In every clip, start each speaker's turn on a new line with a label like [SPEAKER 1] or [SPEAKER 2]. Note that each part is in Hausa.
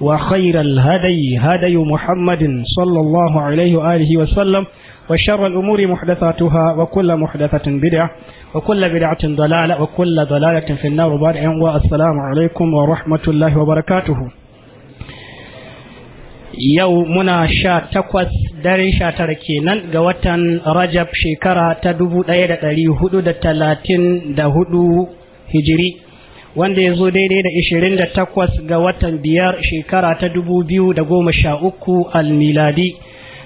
[SPEAKER 1] وخير الهدي هدي محمد صلى الله عليه وآله وسلم وشر الأمور محدثاتها وكل محدثة بدعة وكل بدعة ضلالة وكل ضلالة في النار بارع والسلام عليكم ورحمة الله وبركاته يومنا شا تقوس داري شا تركينا قوتا رجب شكرا تدبو دايدة ليهدو دا تلاتين دا هدو هجري wanda ya zo daidai da ishirin da takwas ga watan biyar shekara ta dubu biyu da goma sha uku almiladi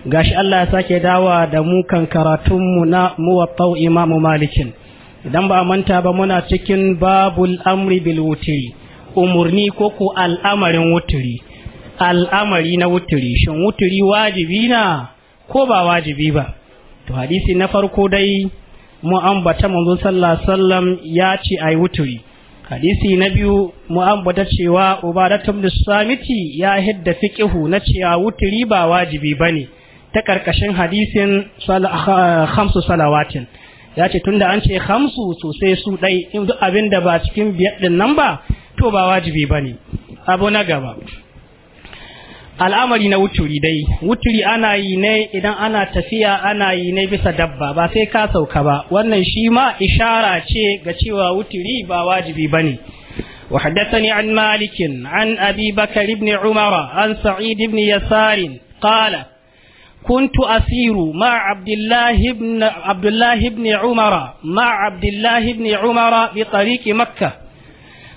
[SPEAKER 1] gashi Allah ya sake dawa da mukan kan karatunmu na muwaffau imamu malikin idan ba a manta ba muna cikin babul amri bil wuturi umurni ko ko al'amarin wuturi al'amari na wuturi shin wuturi wajibi na ko ba wajibi ba to hadisi na farko dai mu ambata manzo sallallahu alaihi wasallam ya ce ai wuturi hadisi na biyu mu ambata cewa ubadatum Samiti ya hidda fiqihu na cewa wuturi ba wajibi bane ta karkashin hadisin khamsu salawatin ya ce tunda an ce khamsu sosai su dai in duk abin ba cikin biyar din nan ba to ba wajibi bane abu na gaba al'amari na wuturi dai wuturi ana yi ne idan ana tafiya ana yi ne bisa dabba ba sai ka sauka ba wannan shi ma ishara ce ga cewa wuturi ba wajibi ba ne وحدثني عن مالك عن أبي بكر بن عمر عن سعيد بن يسار قال كنت أسير مع عبد الله بن عبد الله بن عمر مع عبد الله بن عمر بطريق مكة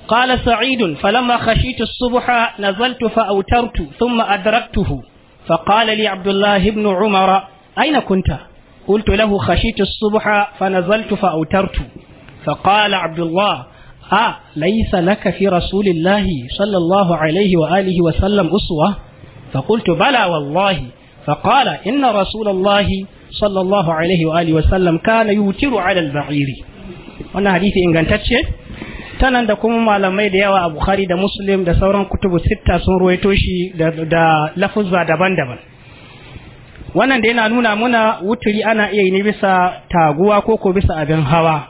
[SPEAKER 1] قال سعيد فلما خشيت الصبح نزلت فأوترت ثم أدركته فقال لي عبد الله بن عمر أين كنت قلت له خشيت الصبح فنزلت فأوترت فقال عبد الله آه ليس لك في رسول الله صلى الله عليه وآله وسلم أسوة فقلت بلى والله فقال إن رسول الله صلى الله عليه وآله وسلم كان يوتر على البعير وانا حديث إن كانت tanan da kuma malamai da yawa a bukhari da muslim da sauran kutubu sitta sun ruwaito shi da, lafuzwa daban-daban wannan da yana nuna muna wuturi ana iya yi ne bisa taguwa ko ko bisa abin hawa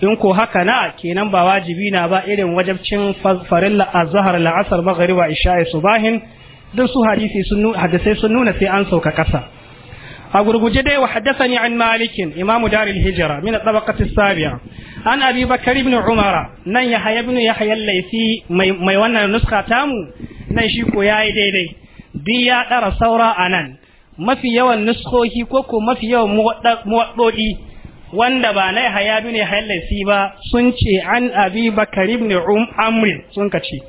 [SPEAKER 1] in ko haka na kenan ba wajibi na ba irin wajabcin farilla azhar la'asar maghrib wa isha'i subahin duk su hadisi hadisai sun nuna sai an sauka kasa أقول جدي وحدثني عن مالك إمام دار الهجرة من الطبقة السابعة عن أبي بكر بن عمر نن يحيى بن يحيى الليثي ميوانا نسخة تامو نن شيكو ياي دي دي دي يا دار سورة أنان ما في يوان نسخوهي كوكو ما في يوان موطلوئي wanda ba na Yahaya bin Yahya laifi ba sun ce an Abi Bakar ibn Um Amr sun kace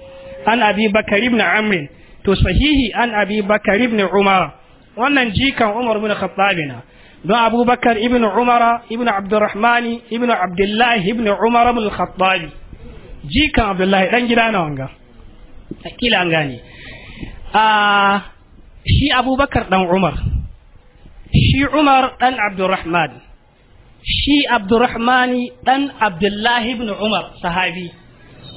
[SPEAKER 1] an Abi Bakar ibn Amr to sahihi an Abi Bakar ibn Umar wannan jikan Umar ibn Khattab na don Abubakar ibn Umar ibn Abdurrahman ibn Abdullah ibn Umar ibn Khattab jikan Abdullah dan gida na wanga kila an gane a ah, shi Abubakar dan Umar shi Umar dan Abdurrahman shi Abdurrahman dan Abdullah ibn Umar sahabi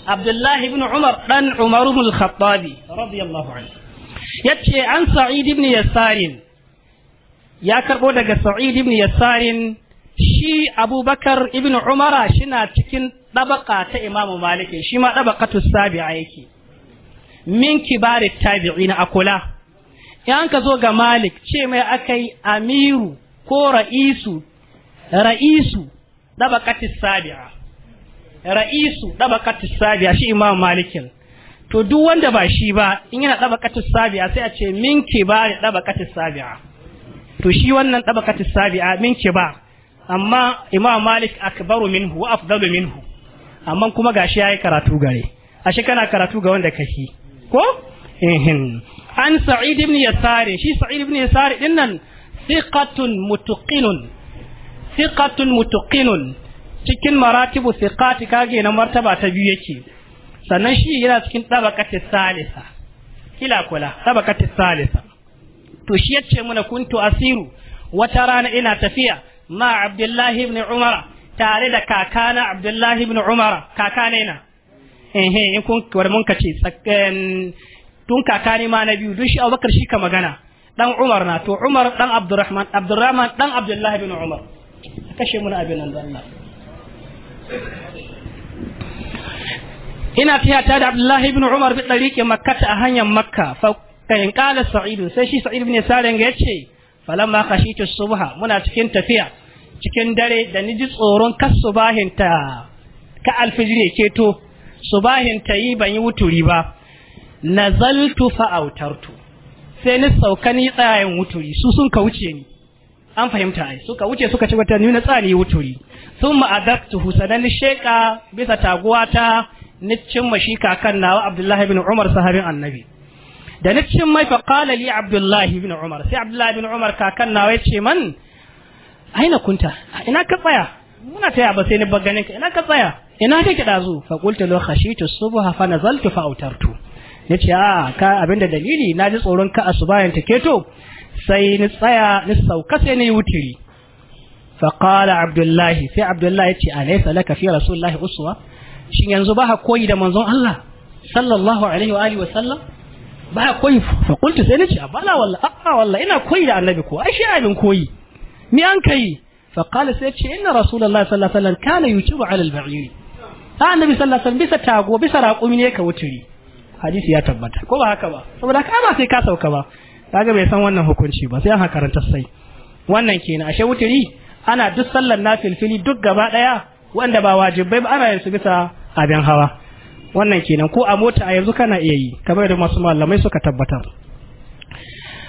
[SPEAKER 1] Abdullah ibn Umar dan Umar ibn Khattab radiyallahu anhu yace an sa'id ibn yasarin ya karbo daga sa'id ibn yasarin shi abubakar ibn umara shina cikin dabaka ta imamu maliki shi ma sabi'a yake min kibari tabi'i na akula yan ka zo ga malik ce mai akai amiru ko ra'isu ra'isu dabaka sabi'a ra'isu ɗabakatu shi imamu malikin to duk wanda ba shi ba in yana dabaqatu sabi'a sai a ce min daba dabaqatu sabi'a to shi wannan dabaqatu sabi'a min kibar amma imam malik akbaru minhu wa afdalu minhu amma kuma gashi yayi karatu gare ashe kana karatu ga wanda kake ko ehin an sa'id ibn yasari shi sa'id ibn yasari din nan thiqatun mutaqinun thiqatun mutaqinun cikin maratibu thiqati kage na martaba ta biyu yake sannan shi yana cikin tabaqati salisa kila kula tabaqati salisa to shi yace muna kuntu asiru wata rana ina tafiya ma abdullahi ibn umar tare da kakana abdullahi ibn umar kakana ina eh in kun mun kace tun kakani ma na biyu duk shi abubakar shi ka magana dan umar na to umar dan abdurrahman abdurrahman dan abdullahi ibn umar kashe abin nan Allah ina fiya ta da Abdullahi ibn Umar bi dariqi makka a hanyar Makka fa kayan sa'idu Sa'id sai shi Sa'id ibn ce. ga yace falamma khashitu subha muna cikin tafiya cikin dare da ni ji tsoron kasubahin ta ka alfijir ke to subahin ta yi ban yi wuturi ba nazaltu fa autartu sai ni sauka ni tsayayin wuturi su sun ka wuce ni an fahimta ai suka wuce suka ci wata nuna tsani wuturi sun ma'adaktuhu husanan sheka bisa taguwa ta ni cimma shi kakan nawa Abdullahi ibn Umar sahabin annabi da ni mai fa qala li Abdullahi bin Umar sai Abdullahi bin Umar kakan nawa ya ce man aina kunta ina ka tsaya muna taya ba sai ni ba ganin ka ina ka tsaya ina kake dazu fa qultu law khashitu subha fa nazaltu fa autartu nace a ka abinda dalili na ji tsoron ka asubayan take to sai ni tsaya ni sauka sai ni wutiri فقال عبد الله في عبد الله يتي أليس لك في رسول الله shin yanzu ba ha koyi da manzon Allah sallallahu alaihi wa alihi wa sallam ba ha koyi fa qultu sai nace bala wallahi a'a wallahi ina koyi da annabi ko ai shi abin koyi ni an kai fa qala sai ce inna rasulullahi sallallahu alaihi wa sallam kana yutubu ala al-ba'ir annabi sallallahu alaihi wa sallam bisa tago bisa raƙumi ne ka wuturi hadisi ya tabbata ko ba haka ba saboda ka ba sai ka sauka ba kaga bai san wannan hukunci ba sai an karanta sai wannan kenan ashe wuturi ana duk sallar nafilfili duk gaba daya wanda ba wajibai ba ana yin su bisa abin hawa wannan kenan ko a mota a yanzu kana iya yi kamar da masu malamai suka tabbatar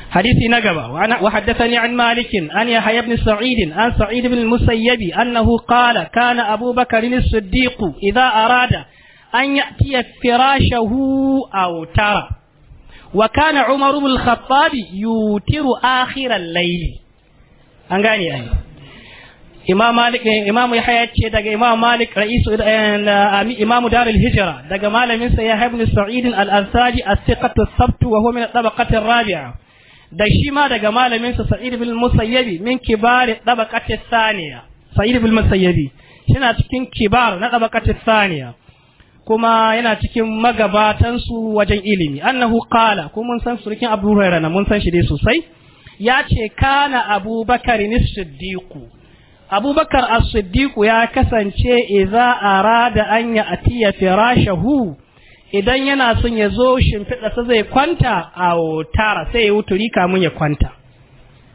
[SPEAKER 1] حديث نقبة وحدثني عن مالك أن يحيى بن سعيد عن سعيد بن المسيب أنه قال كان أبو بكر الصديق إذا أراد أن يأتي فراشه أو ترى وكان عمر بن الخطاب يوتر آخر الليل أنقاني أي imam malik imam yahya ce daga imam malik ra'isu eh, imam darul hijra daga malamin sa yahya ibn sa'id al-ansari as-siqatu as-sabt wa huwa min at-tabaqati ar-rabi'a da shi ma daga malamin sa sa'id ibn musayyabi min kibari tabaqati thaniya sa'id ibn musayyabi yana cikin kibar na tabaqati thaniya kuma yana cikin magabatan su wajen ilimi annahu qala ko mun san surkin abu hurairah mun san shi dai sosai ya ce kana abubakar ni siddiqu abubakar as siddiqu ya kasance idza arada an ya atiya firashahu idan yana son ya zo shimfiɗa sa zai kwanta a tara sai ya wuturi kamun ya kwanta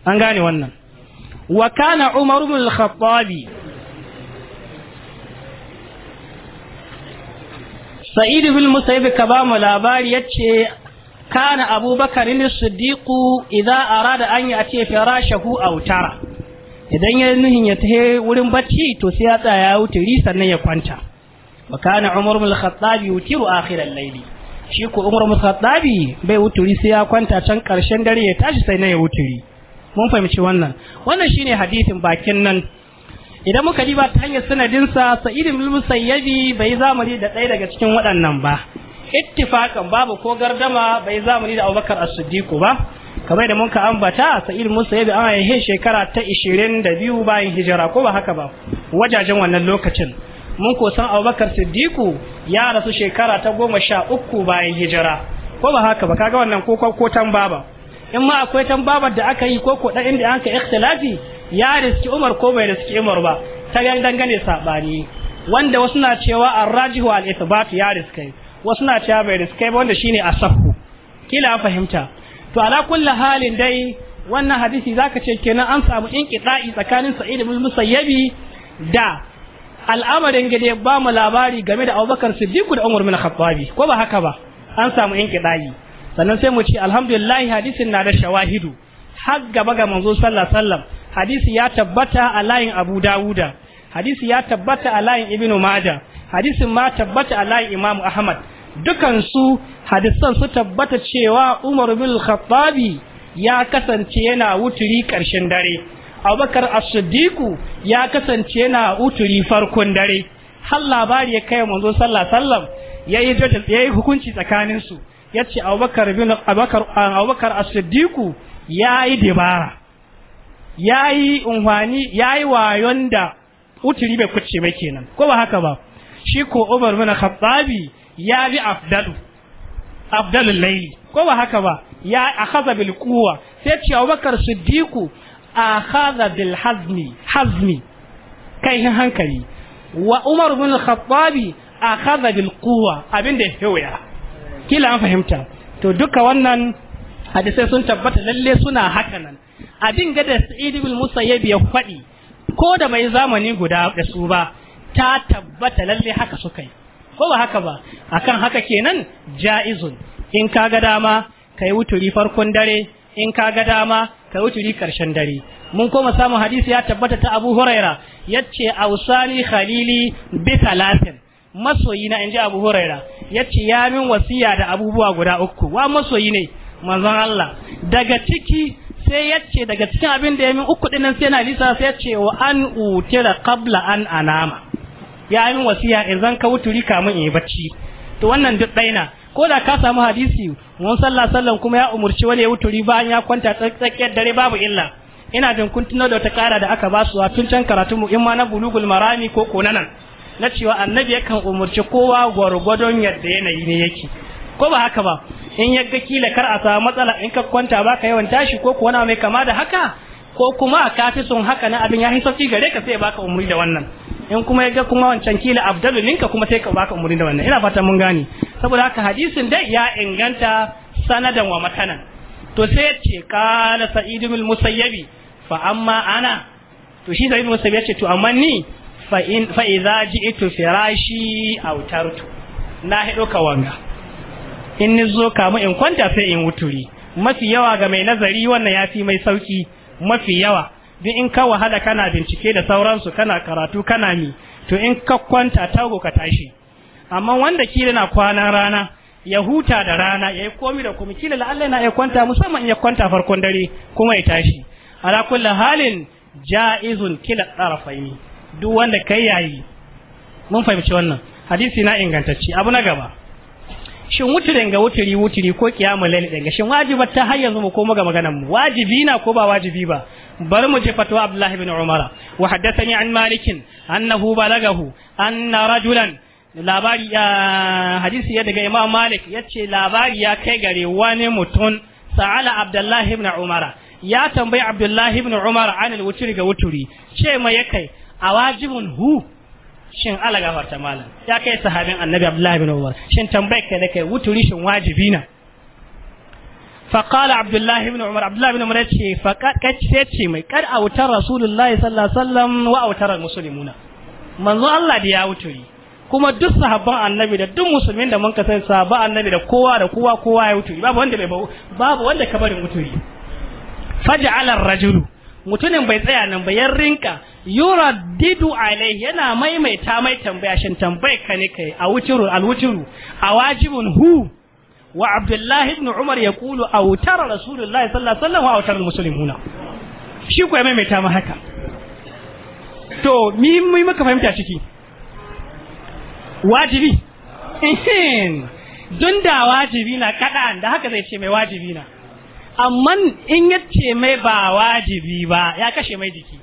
[SPEAKER 1] an gane wannan wa kana umar ibn al khattab sa'id ibn musayyib ka ba mu labari yace kana abubakar ibn as siddiqu idza arada an ya atiya firashahu aw tara idan ya nuhin ya tahe wurin bacci to sai ya tsaya ya wuturi sannan ya kwanta wa kana umar bin khattabi yutiru akhir al-layl shi ko umar bin khattabi bai wuturi sai ya kwanta can karshen dare ya tashi sai na ya wuturi mun fahimci wannan wannan shine hadisin bakin nan idan muka diba ta hanyar sanadin sa sa'id bin musayyabi bai zamani da ɗaya daga cikin waɗannan ba ittifakan babu ko gardama bai zamani da abubakar as-siddiq ba kamar da mun ka ambata sa'id bi an yi shekara ta 22 bayan hijira ko ba haka ba wajajen wannan lokacin mun ko san Abubakar Siddiqu ya rasu shekara ta 13 bayan hijira ko ba haka ba kaga wannan ko ko tambaba in ma akwai tambabar da aka yi ko ko dan inda aka ikhtilafi ya riski Umar ko bai riski Umar ba ta dangane sabani wanda wasu na cewa ar-rajihu al-ithbat ya riskai wasu na cewa bai riskai ba wanda shine asahu kila fahimta to ala kulli halin dai wannan hadisi zaka ce kenan an samu inqita'i tsakanin sa'id ibn musayyabi da al'amarin gade ya ba mu labari game da Abubakar Siddiq da Umar bin Khattabi ko ba haka ba an samu inqita'i sannan sai mu ce alhamdulillah hadisin na da shawahidu har gaba ga manzo sallallahu alaihi wasallam hadisi ya tabbata a layin Abu Dawuda hadisi ya tabbata a layin Ibn Majah hadisin ma tabbata a layin Imam Ahmad dukan su hadisan su tabbata cewa Umar bin Khattabi ya kasance yana wuturi ƙarshen dare Abubakar as ya kasance yana wuturi farkon dare har labari ya kai manzo sallallahu alaihi wasallam yayi hukunci tsakanin su ce Abubakar bin Abubakar Abubakar as ya yi dibara yayi unhwani yayi wayon da wuturi bai kuce ba kenan ko ba haka ba shi ko Umar bin Khattabi ya bi afdalu afdalul Laili, ko ba haka ba ya akhadha bil quwwa sai ce Abubakar Siddiq hazmi hazmi kai hankali wa Umar bin al-Khattab akhadha abinda ya hewaya kila an fahimta to duka wannan hadisai sun tabbata lalle suna haka nan abin gada Sa'idu Sa'id ibn Musayyib ya faɗi ko da bai zamani guda da su ba ta tabbata lalle haka suka yi ko ba haka ba akan haka kenan ja'izun in ka ga dama ka yi wuturi farkon dare in ka ga dama ka yi wuturi karshen dare mun koma samun hadisi ya tabbata ta Abu Huraira yace ausani khalili bi talatin masoyi na inji Abu Huraira yace ya min wasiya da abubuwa guda uku wa masoyi ne manzon Allah daga ciki sai yace daga cikin abin da ya min uku dinnan sai na lisa sai yace wa an utira qabla an anama ya yi min wasiya in zan ka wuturi kamun in yi bacci to wannan duk daina ko da ka samu hadisi mun sallah sallan kuma ya umurci wani ya wuturi bayan ya kwanta tsakiyar dare babu illa ina jin kun tuno da wata kara da aka basu a tun can karatun mu in ma na bulugul marami ko ko nan na cewa annabi yakan umurci kowa gwargwadon yadda yanayi ne yake ko ba haka ba in ya ga kila kar a samu matsala in ka kwanta ba ka yawan tashi ko ko wani mai kama da haka ko kuma ka fi son haka na abin ya hi sauki gare ka sai baka umuri da wannan in kuma ya ga kuma wancan kila abdalu ninka kuma sai ka baka umurni da wannan ina fatan mun gane saboda haka hadisin dai ya inganta sanadan wa matanan to sai ya ce qala sa'id ibn musayyabi fa amma ana to shi sa'id musayyabi ya ce to amma ni fa in fa idza ji'tu firashi aw tartu na hido ka wanga in ni zo mu in kwanta sai in wuturi mafi yawa ga mai nazari wannan ya fi mai sauki mafi yawa duk in ka wahala kana bincike da sauransu kana karatu kana mi to in ka kwanta tago ka tashi amma wanda kila na kwanan rana ya huta da rana ya yi komi da komi kila la'alla na ya kwanta musamman ya kwanta farkon dare kuma ya tashi ala kulli halin ja'izun kila tsarafaini duk wanda kai yayi mun fahimci wannan hadisi na ingantacce abu na gaba shin wuturin ga wuturi wuturi ko kiyamul lail din ga shin wajibar ta har yanzu mu koma ga maganar mu wajibi na ko ba wajibi ba bari mu jefa to abdullahi bin umara wa haddathani an malikin annahu balagahu anna rajulan labari ya hadisi ya daga imam malik yace labari ya kai gare wani mutum sa'ala abdullahi bin umara ya tambayi abdullahi ibn umar an al-wuturi ga wuturi ce ma ya kai a wajibin hu shin ala gafarta malam ya kai sahabin annabi abdullahi ibn umar shin tambayar kai da kai wuturi shin wajibi na فقال عبد الله بن عمر عبد الله بن عمر يتشي فقد كتشي مي قد أوتر رسول الله صلى الله عليه وسلم وأوتر المسلمون manzo Allah da ya wuce kuma duk sahabban annabi da duk musulmin da mun kasance sahabban annabi da kowa da kowa kowa ya wuce babu wanda bai babu wanda ka barin wuturi faj'ala ar-rajulu mutumin bai tsaya nan ba yan rinka yura didu yana maimaita mai tambaya shin tambayar ka ne kai a wuturu al-wucuru a wajibun hu wa abdullahi ibn umar ya kulu autar rasulullahi sallallahu alaihi wa autar muslimuna shi ko ya maimaita ma haka to mi mi muka fahimta ciki wajibi don da wajibi na kaɗan da haka zai ce mai wajibi na amma in ya ce mai ba wajibi ba ya kashe mai jiki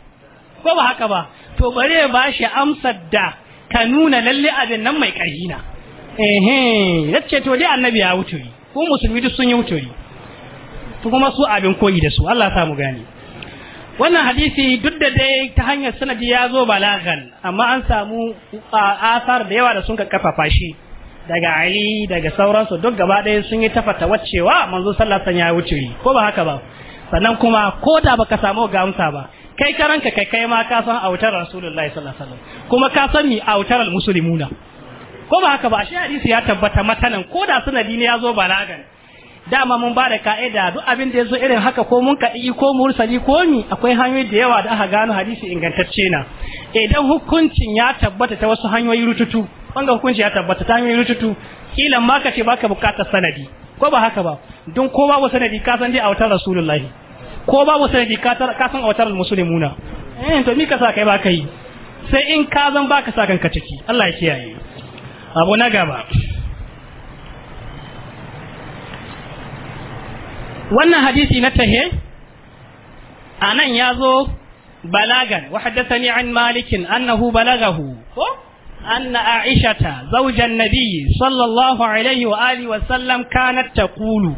[SPEAKER 1] ko ba haka ba to bare ba shi amsar da ka nuna lalle abin nan mai karhina na ehe ce to dai annabi ya wuturi ko musulmi duk sun yi wuturi to kuma su abin koyi da su Allah ya mu gane wannan hadisi duk da dai ta hanyar sanadi ya zo balagan amma an samu asar da yawa da sun kafafa shi daga Ali daga sauransu duk gaba ɗaya sun yi tafata wacewa manzo sallallahu alaihi ya wuturi ko ba haka ba sannan kuma ko da baka samu gamsa ba kai karanka kai kai ma ka san autar rasulullahi sallallahu alaihi wasallam kuma ka san mi autar almuslimuna ko ba haka ba shi hadisi ya tabbata matanan ko da sanadi ne ya zo balagan dama mun ba da ka'ida duk abin da ya zo irin haka ko mun kaɗi ko mursali ko mi akwai hanyoyi da yawa da aka gano hadisi ingantacce na idan hukuncin ya tabbata ta wasu hanyoyi rututu wanda hukunci ya tabbata ta hanyoyi rututu kila ma ka ce baka bukatar sanadi ko ba haka ba don ko babu sanadi ka san dai a wutar rasulullahi ko babu sanadi ka san a wutar musulmuna eh to mi ka sa kai ba kai sai in ka zan baka sa kanka ciki Allah ya kiyaye abu na gaba wannan hadisi na tahe a nan ya zo balagan wa an malikin annahu balagahu ko anna aishata zaujan nabiyyi sallallahu alaihi wa alihi wa sallam kanat taqulu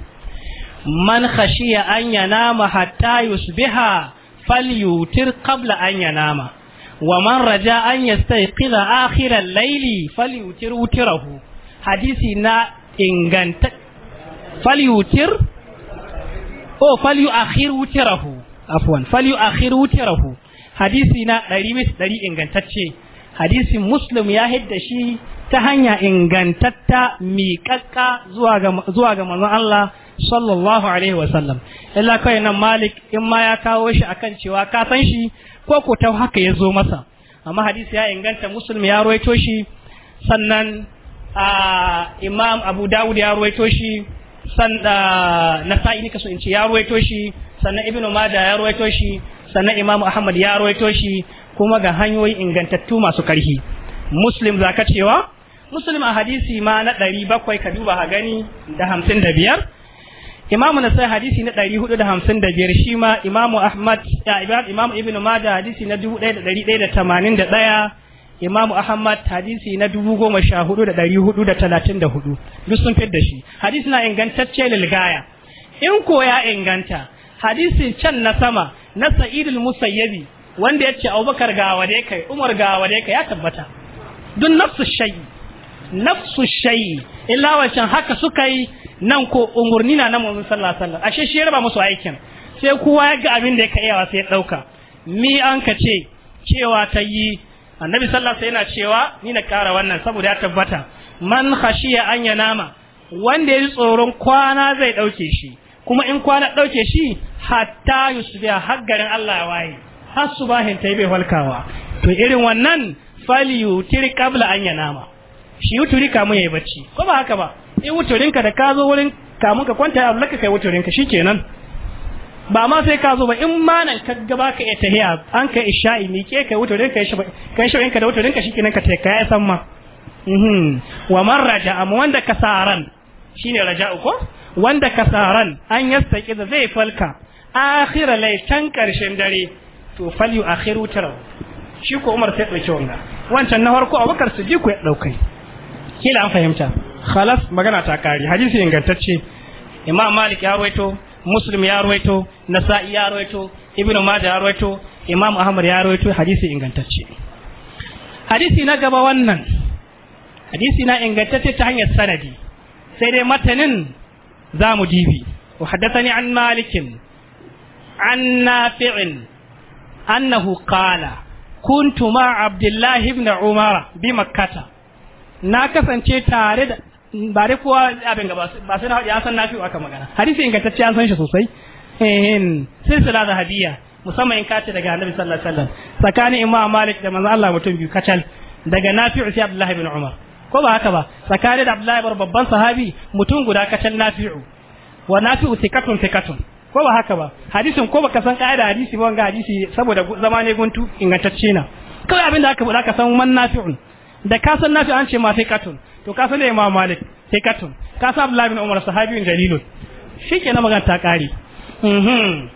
[SPEAKER 1] man khashiya an yanama hatta yusbiha falyutir qabla an yanama wa man raja an yastayqiza akhiral layli falyutir wutirahu hadisi hadisi na ingantacce hadisin muslim ya hidda shi ta hanya ingantatta miƙaƙƙa zuwa ga manzon Allah sallallahu alaihi illa kai malik in ma ya kawo shi akan cewa ka san shi ko ko ta haka ya zo masa amma hadisi ya inganta muslim ya rawaito shi sannan imam abu dawud ya rawaito shi san da nasa'i nika so in ce ya rawaito shi sannan ibnu mada ya rawaito shi sannan imam ahmad ya rawaito shi kuma ga hanyoyi ingantattu masu karhi muslim zaka cewa muslim a hadisi ma na 700 ka duba ha gani da 55 imamu sai hadisi na ɗari da hamsin biyar shi ma imamu ahmad ya imamu Ibn Maja hadisi na dubu ɗaya ɗaya da da da ɗari tamanin ɗaya. imamu ahmad hadisi na dubu goma sha hudu da da da ɗari talatin hudu duk sun fi da shi hadisi na ingantacce lilgaya in ko ya inganta hadisi can na sama na sa'idul musayyabi wanda ya ce abubakar ga wade kai umar ga wade kai ya tabbata duk nafsu shayi nafsu shayi illa wancan haka suka yi nan ko ungurni na nan mun sallallahu alaihi wasallam ashe shi ya raba musu aikin sai kowa ya ga abin da ya kai yawa sai ya dauka mi an ka ce cewa ta yi annabi sallallahu alaihi yana cewa ni na kara wannan saboda ya tabbata man khashiya an ya nama wanda ya ji tsoron kwana zai dauke shi kuma in kwana dauke shi hatta yusbiha har garin Allah ya waye har subahin ta bai halkawa to irin wannan fali yutir qabla an ya nama shi yuturi kamun yayi bacci ko ba haka ba in wuturinka da ka zo wurin kamun ka kwanta abu laka kai shi kenan ba ma sai ka zo ba in ma nan ka gaba ka iya tahiya an ka isha'i ni ke kai wuturinka kai shirinka da wuturinka shikenan ka taika ya san ma mhm. wa man raja amma wanda ka saran ne raja ko wanda ka saran an yastaki da zai falka akhira lai can karshen dare to fal yu akhiru taraw shi ko Umar sai ɗauki wanga wancan na farko Abubakar Siddiq ya daukai kila an fahimta khalas magana ta kare hadisi ingantacce imam malik ya rawaito muslim ya rawaito nasa'i ya rawaito Ibn majah ya rawaito imam ahmad ya rawaito hadisi ingantacce hadisi na gaba wannan hadisi na ingantacce ta hanyar sanadi sai dai matanin za mu dibi وحدثني an malikin, an نافع أنه قال كنت مع Abdullahi الله بن bi makkata. na kasance tare da ba dai kowa abin ga ba sai na ya san nafi aka magana hadisi ingantacce an san shi sosai eh silsila da hadiya musamman in kace daga annabi sallallahu alaihi wasallam tsakanin imam malik da manzo Allah mutum biyu kacal daga nafi'u sai abdullahi bin umar ko ba haka ba tsakanin da abdullahi ibn babban sahabi mutum guda kacal nafi'u wa nafi'u sikatun sikatun ko ba haka ba hadisin ko baka san kaida hadisi ba wanga hadisi saboda zama ne guntu ingantacce na kawai abin da aka faɗa ka san man nafi'un da ka san nafi'u an ce ma sai katun to ka sani imam malik sai katun ka sa abdullahi bin umar sahabiyun jalilun shikenan magana ta kare mhm.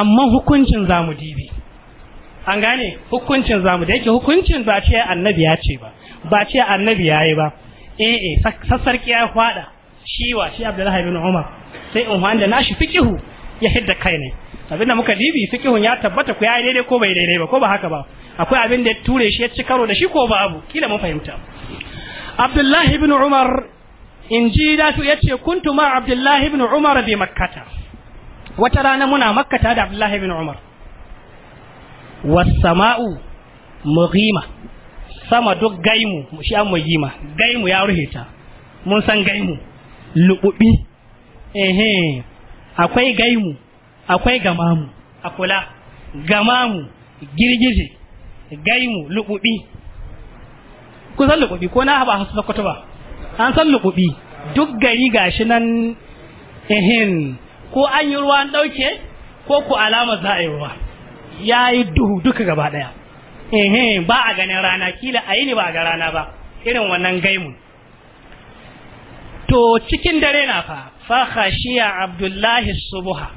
[SPEAKER 1] amma hukuncin zamu dibi an gane hukuncin zamu da yake hukuncin ba ce annabi ya ce ba ba ce annabi ya yi ba eh eh sassarki ya fada shi wa shi abdullahi bin umar sai in wanda na shi fikihu ya hidda kai ne abin da muka dibi fikihun ya tabbata ku ya daidai ko bai daidai ba ko ba haka ba akwai abin da ya ture shi ya ci karo da shi ko babu kila mun fahimta abdullahi ibn umar in ji da su yace kuntu ma abdullahi ibn umar bi makkata wata rana muna makkata da abdullahi ibn umar wasama'u mughima sama duk gaimu shi an mughima gaimu ya ruhe ta mun san gaimu lububi ehe akwai gaimu akwai gamamu akula gamamu girgije gaimu lububi kun san lukubi ko na ba hasu sakkwato ba an san lukubi duk gari gashi nan ehin ko an yi ruwa an ɗauke ko ku alama za a yi ruwa ya yi duhu duka gaba ɗaya ehin ba a ganin rana kila a yi ne ba a ga rana ba irin wannan gaimu to cikin dare na fa fa khashiya abdullahi subha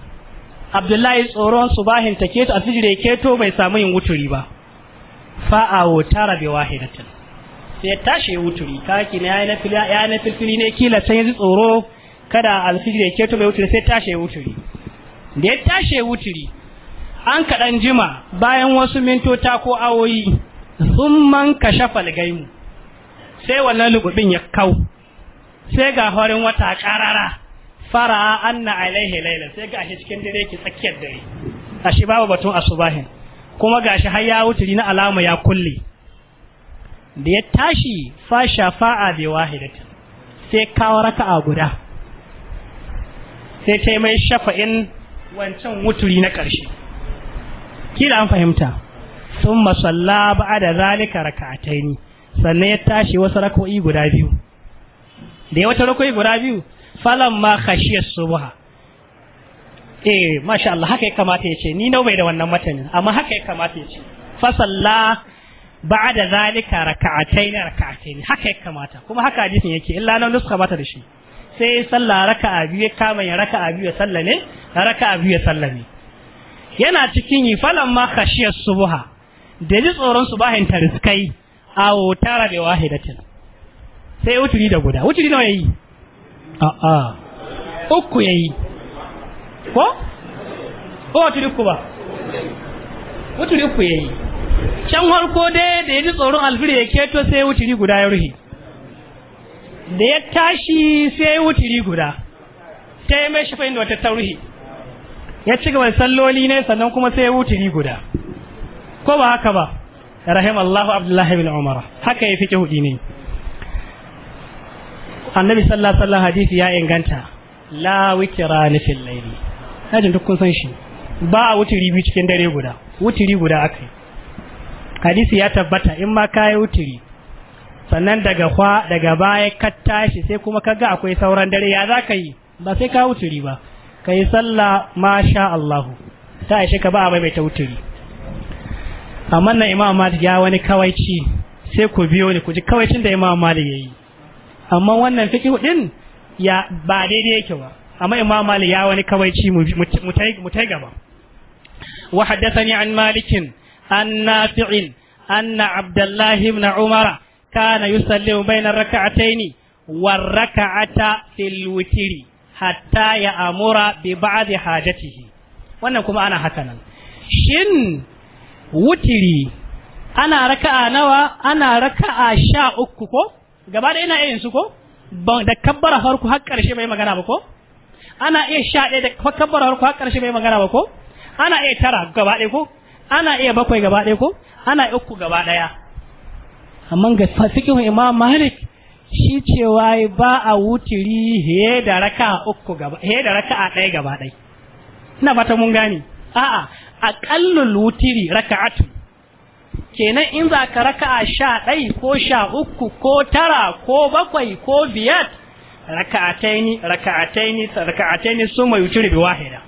[SPEAKER 1] abdullahi tsoron subahin ta keto a fijire keto bai samu yin wuturi ba fa a wutara bi wahidatin sai ya tashi ya wuturi kaki na na fili na filfili ne kila sai ya ji tsoro kada alfijir ya keto bai wuturi sai tashi ya wuturi da ya tashi ya wuturi an kaɗan jima bayan wasu mintota ko awoyi sun man kashafa gaimu sai wannan lugubin ya kau sai ga horin wata karara fara anna alaihi laila sai ga shi cikin dare ki tsakiyar dare ashe babu batun asubahin kuma gashi har ya wuturi na alama ya kulle da ya tashi fa shafa'a bai wahidati sai kawo a guda sai ta mai shafa'in wancan wuturi na ƙarshe kila an fahimta sun masalla ba da zalika taini sannan ya tashi wasu rako'i guda biyu da ya wata rako'i guda biyu falon ma su buha eh masha Allah haka ya kamata ya ce ni nau bai da wannan matanin amma haka ya kamata ya ce fasalla ba'da zalika raka'atayn raka'atayn haka ya kamata kuma haka hadisin yake illa nan nuska bata da shi sai sallah raka'a biyu ya kama ya raka'a biyu ya ne raka'a biyu ya sallame yana cikin yi falan ma khashiyar subha da ji tsoron subahin tariskai a tara da wahidatin sai wuturi da guda wuturi nawa yayi a a uku yayi ko ko wuturi ku ba wuturi ku yayi can harko dai da ya ji tsoron alfiri ya keto sai wuturi guda ya ruhi da ya tashi sai wuturi guda ta yi mai shi fahimta wata ta ruhi ya ci gaba salloli ne sannan kuma sai wuturi guda ko ba haka ba rahim Allahu Abdullahi bin Umar haka ya fiƙi hudi ne annabi sallallahu alaihi hadisi ya inganta la wikira ni fil laili hajin duk kun san shi ba a wuturi biyu cikin dare guda wuturi guda akai hadisi ya tabbata in ma ka yi wuturi sannan daga kwa daga baya ka tashi sai kuma ka ga akwai sauran dare ya za ka yi ba sai ka wuturi ba ka yi sallah masha Allahu ta aishe ka ba a maimaita ta wuturi amma nan imam malik ya wani kawaici sai ku biyo ni ku ji kawaicin da imam malik ya yi amma wannan fiki din ya ba daidai yake ba amma imam malik ya wani kawaici mu tai gaba wa haddathani an malikin عن نافع أن عبد الله بن عمر كان يسلم بين الركعتين والركعة في الوتر حتى يأمر ببعض حاجته wannan kuma ana haka nan shin wutiri ana raka'a nawa ana raka'a sha ko gaba da ina yin su ko da kabbara farko har karshe bai magana ba ko ana iya sha da kabbara farko har karshe bai magana ba ko ana iya tara gaba ɗaya ko ana iya bakwai gaba ɗaya ko ana uku gaba ɗaya amma ga imam malik shi cewa ba a wutiri he da raka uku gaba he da raka ɗaya gaba ɗaya ina fata mun gane a'a aqallul wutiri raka'atu kenan in za ka raka'a sha ɗai ko sha uku ko tara ko bakwai ko biyar raka'ataini raka'ataini raka'ataini su mai wutiri bi wahida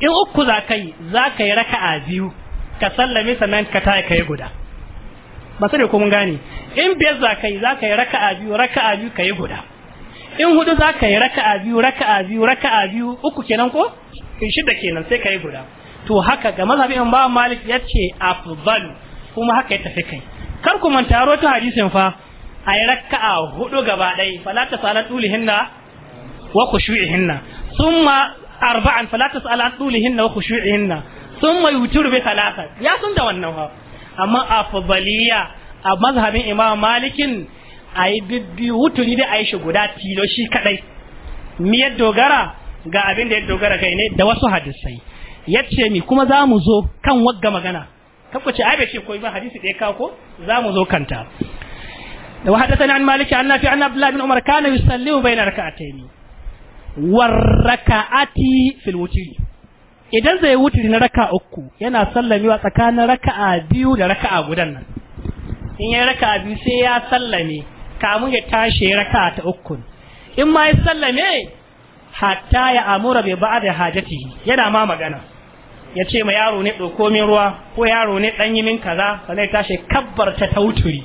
[SPEAKER 1] in uku za ka za ka yi raka'a biyu ka sallame sannan ka taya kai guda ba sai ko mun gane in biyar za ka yi za ka yi raka'a biyu raka'a biyu ka yi guda in hudu za ka yi raka'a biyu raka'a biyu raka'a biyu uku kenan ko in shida kenan sai ka yi guda to haka ga mazhabin Imam Malik yace afdalu kuma haka ya tafi kai kar ku manta ta hadisin fa a yi raka'a hudu gaba ɗaya fala ta sala hinna wa khushu'ihinna summa arba'an fala ta sala hinna wa hinna sun mai wutur bi talata ya sun da wannan ha amma afdaliya a mazhabin imam malikin ayi bibbi wuturi da ayi shi guda tilo shi kadai Mi ya dogara ga abin da ya dogara kai ne da wasu hadisai yace mi kuma za mu zo kan wagga magana kakko ce ai bai ce koyi ba hadisi da ya kako ko za mu zo kanta da wahadathani an maliki an nafi an abdullahi bin umar kana yusallimu bayna rak'atayn war rak'ati fil wutri idan zai wuturi na raka uku yana sallamewa tsakanin raka'a biyu da raka'a gudan nan in ya raka'a biyu sai ya sallame kamun ya tashi raka'a ta uku in ma ya sallame hatta ya amura bai ba'a da hajjati yana ma magana ya ce ma yaro ne ɗauko ruwa ko yaro ne ɗan yi min kaza sannan ya tashi kabbar ta tauturi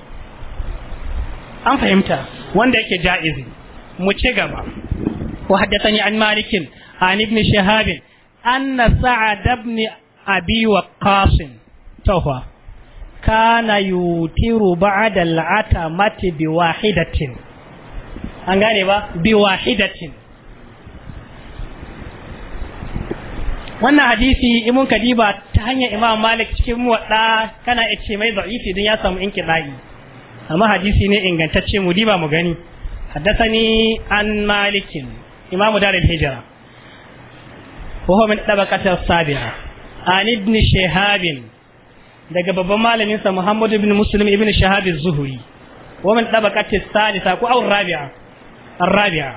[SPEAKER 1] an fahimta wanda yake ja'izi mu ci gaba Ko haddasa ni an malikin an ibn shahabin anna sa'ad ibn abi waqqas tawfa kana yutiru ba'da al'atamati bi wahidatin an gane ba bi wahidatin wannan hadisi imun kadiba ta hanyar imam malik cikin muwadda kana ice mai da'ifi don ya samu inkida'i amma hadisi ne ingantacce mu diba mu gani haddathani an malikin imamu darul hijra وهو من طبقة السابعة عن ابن شهاب daga babban malaminsa sa Muhammad ibn Muslim ibn Shahab az-Zuhri wa min tabaqat as-salisa ko aw rabi'a ar-rabi'a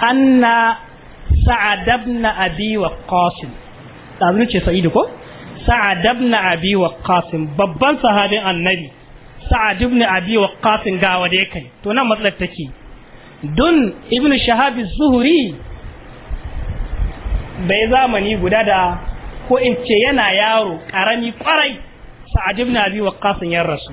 [SPEAKER 1] anna Sa'ad ibn Abi Waqqas dazun ce Sa'id ko Sa'ad ibn Abi Waqqas babban sahabin Annabi Sa'ad ibn Abi Waqqas ga wade kai to nan matsalar take dun ibn Shahab az-Zuhri bai zamani guda da ko in ce yana yaro karami kwarai sa'ad biyu wa kasan ya rasu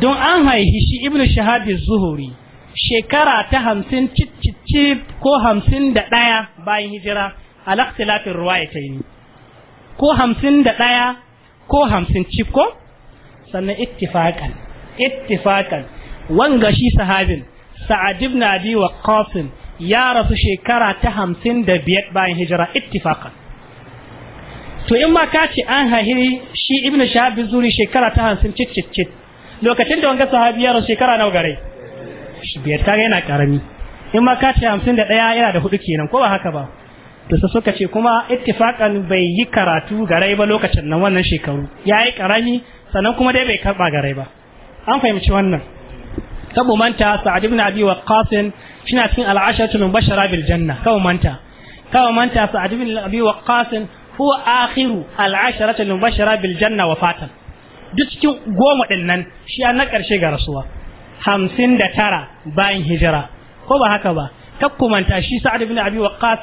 [SPEAKER 1] don an haihi shi ibn shahab zuhuri shekara ta hamsin cicicci ko hamsin da ɗaya bayan hijira ya ta yi ko hamsin da ɗaya ko hamsin cif ko sannan ittifakan ittifakan wanga shi sahabin na biyu wa ƙafin. ya rasu shekara ta hamsin da biyar bayan hijira ittifaka to in ma ka ce an hahiri shi Ibn shahab zuri shekara ta hamsin cicicit lokacin da wanga sahabi ya rasu shekara nawa gare biyar ta yana karami in ma ka ce hamsin da ɗaya yana da hudu kenan ko ba haka ba to sai suka ce kuma ittifakan bai yi karatu gare ba lokacin nan wannan shekaru ya yi karami sannan kuma dai bai karɓa gare ba an fahimci wannan sabu manta sa'ad ibn abi waqqas shina cikin al'ashatu min bashara bil janna kawo manta kawo manta sa'ad bin abi waqqas huwa akhiru al'asharatu min bashara bil janna wafatan duk cikin goma din nan shi na karshe ga rasuwa hamsin da tara bayan hijira ko ba haka ba kakkumanta shi sa'ad bin abi waqqas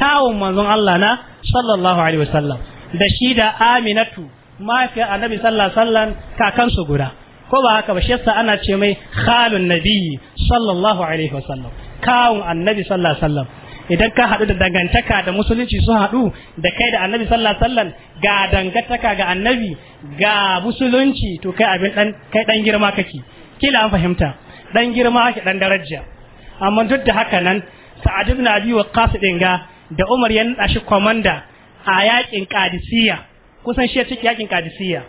[SPEAKER 1] kawun manzon Allah na sallallahu alaihi wasallam da shi da Aminatu mafi annabi sallallahu alaihi wasallam kakan su guda ko ba haka ba shi yasa ana ce mai khalun nabiyyi sallallahu alaihi wasallam kawun annabi sallallahu alaihi wasallam idan ka haɗu da dangantaka da musulunci sun haɗu da kai da annabi sallallahu alaihi wasallam ga dangantaka ga annabi ga musulunci to kai abin dan kai dan girma kake kila an fahimta dan girma kake dan daraja amma duk da haka nan sa'ad ibn abi waqqas din ga da Umar ya nada shi komanda a yakin kadisiya kusan shi ya yakin Qadisiyya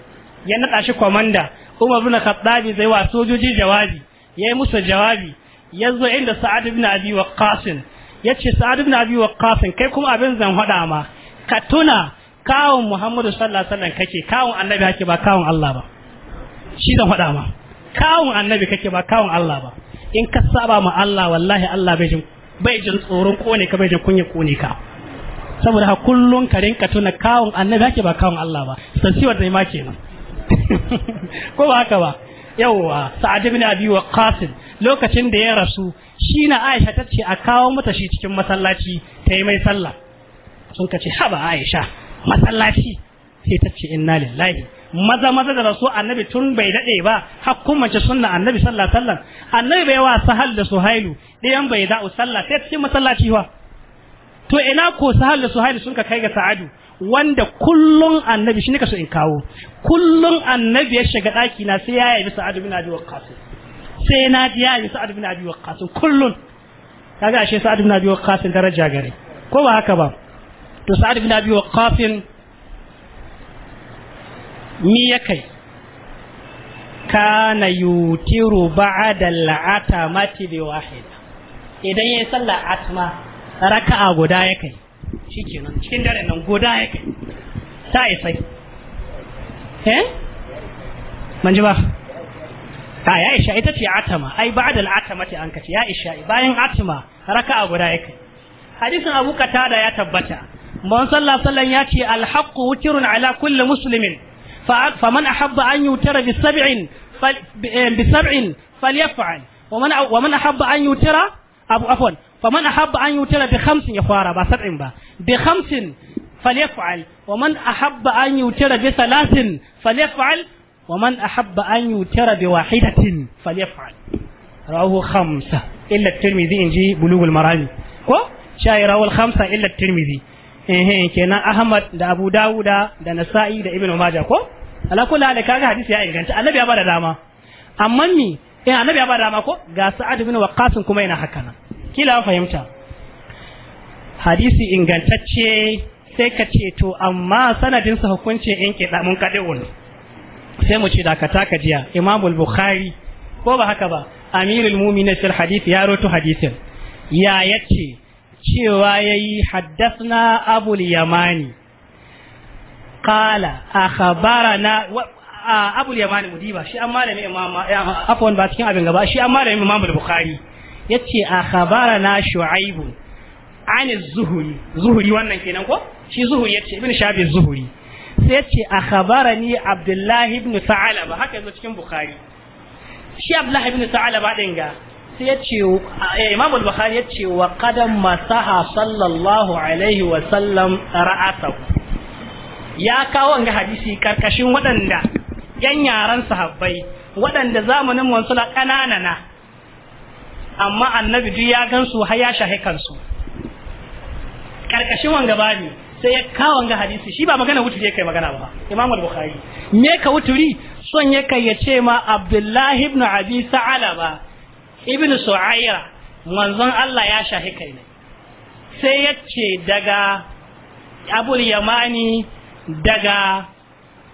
[SPEAKER 1] ya nada shi komanda Umar bin Khattabi zai wa sojoji jawabi yayi musu jawabi yazo inda Sa'ad bin Abi Waqqas yace Sa'ad bin Abi Waqqas kai kuma abin zan hada ma ka tuna kawun Muhammadu sallallahu alaihi wasallam kake kawun Annabi kake ba kawun Allah ba shi zan hada ma kawun Annabi kake ba kawun Allah ba in ka saba ma Allah wallahi Allah bai jin bai jin tsoron ne ka bai jin kunya kone ka saboda kullun ka rinka tuna kawun Annabi kake ba kawun Allah ba sai wanda ma kenan ko ba haka ba yawwa sa'ad ibn abi waqqas lokacin da ya rasu shi na aisha ta ce a kawo mata shi cikin masallaci ta yi mai sallah sun ka ce haba aisha masallaci sai ta ce inna lillahi maza maza da rasu annabi tun bai dade ba hakkun mace sunna annabi sallallahu alaihi wasallam annabi bai wa sahal da suhailu ɗayan bai da'u sallah sai cikin masallaci wa to ina ko sahal da suhaili sun ka kai ga sa'adu wanda kullun annabi shi ne ka so in kawo kullun annabi ya shiga daki na sai ya yabi sa'adu bin abi waqqas sai na ji ya yabi sa'adu bin abi waqqas kullun kaga ashe sa'adu bin abi waqqas daraja gare ko ba haka ba to sa'adu bin abi waqqas mi ya kai kana yutiru ba'da mati bi wahid idan yayi sallah atma raka'a guda ya kai shikenan cikin dare nan guda ya kai ta isai
[SPEAKER 2] eh man ji
[SPEAKER 1] ba ta ya isha ita ce atama ai ba da al'atama ce an kace ya isha bayan atama raka'a guda ya kai hadisin abu katada ya tabbata man sallallahu sallan ya ce alhaqqu wutrun ala kulli muslimin فمن أحب أن يوتر بسبع بسبع فليفعل ومن ومن أحب أن يوتر أبو عفوا faman ahabba an yutira bi khamsin ya fara ba sab'in ba bi khamsin falyaf'al wa man ahabba an yutira bi salasin falyaf'al wa man ahabba an yutira bi wahidatin falyaf'al rawahu khamsa illa at-tirmidhi inji bulughul marami ko shayi rawal khamsa illa at-tirmidhi eh kenan ahmad da abu dawuda da nasa'i da ibnu majah ko ala kulli hal kaga hadisi ya inganta annabi ya bada dama amma ni dama ko ga sa'ad ibn waqqas kuma yana haka kila fahimta hadisi ingantacce sai ka ce to amma sanadin sa hukunci in kida mun wani sai mu ce dakata ka jiya imamul bukhari ko ba haka ba amirul mu'minin fil hadith ya roto hadisin ya yace cewa yayi haddathna abul yamani qala akhbarana abul yamani mudiba shi an malami imam afwan ba cikin abin gaba shi an malami imam bukhari yace na shu'aib an az-zuhri zuhri wannan kenan ko shi zuhri yace ibn shabi zuhri sai yace ni abdullah ibn sa'alaba haka yanzu cikin bukhari shi abdullah ibn sa'alaba din ga sai yace eh, imam al-bukhari yace wa qadam masaha sallallahu alaihi wa sallam ra'asahu ya kawo ga hadisi karkashin waɗanda yan yaran sahabbai waɗanda zamanin wansu na ƙanana amma annabi duk ya gansu har ya shahe kansu karkashin wanga bani sai ya kawo wanga hadisi shi ba magana wuturi kai magana ba Imam al-Bukhari me ka wuturi son ya kai ya ce ma Abdullahi ibn Abi Sa'alaba ibn Su'ayra manzon Allah ya shahe kai ne sai ya ce daga Abul Yamani daga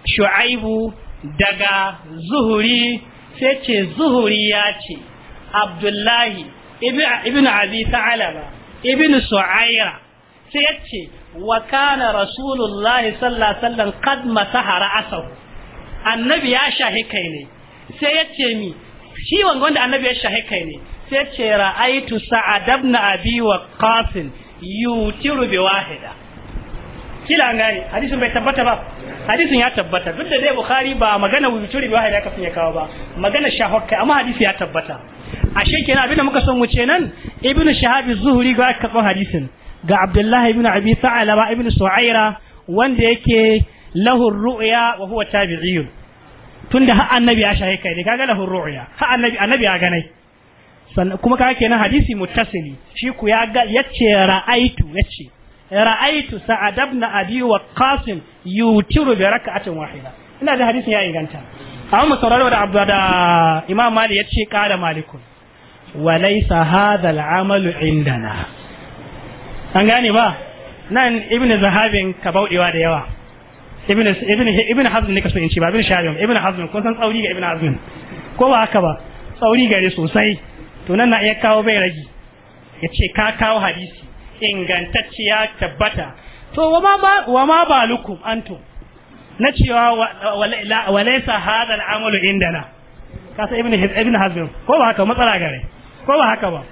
[SPEAKER 1] Shu'aibu daga Zuhuri sai ce Zuhuri ya ce abdullahi ibn abi sa'alaba ibn su'aira sai yace wa kana rasulullahi sallallahu alaihi wasallam qad masaha ra'asahu annabi ya shahi kai ne sai yace mi shi wanda annabi ya shahi kai ne sai ra'aitu sa'ad ibn abi waqqas yutiru bi wahida kila an gane hadisin bai tabbata ba hadisin ya tabbata duk da dai bukhari ba magana wuturi ba da kafin ya kawo ba magana shahokka amma hadisi ya tabbata ashe kenan abinda muka son wuce nan ibnu shahabi zuhuri ga aka kawo hadisin ga abdullahi ibnu abi sa'alaba ibnu su'aira wanda yake lahu ru'ya wa huwa tabi'iyun tunda har annabi ya shahe kai ne kaga lahu ru'ya har annabi annabi ya gane sannan kuma kaga kenan hadisi muttasili shi ku ya ga yace ra'aitu yace ra'aitu sa'ad ibn abi qasim yutiru bi rak'atin wahida ina da hadisin ya inganta amma mu sauraro da abdu da imam malik yace qala malikun wa laysa hadha al-amalu indana an gane ba nan ibn zahabin ka baudewa da yawa ibn ibn ibn hazm ne kaso in ce ba ibn shalim ibn hazm kun san tsauri ga ibn hazm ko ba haka ba tsauri gare sosai to nan na iya kawo bai ragi ya ce ka kawo hadisi ingantacciya tabbata to wa ma balukum antum na cewa walaisa hadal amalu indana kasa ibn ibn hazm ko ba haka matsala gare ko ba haka ba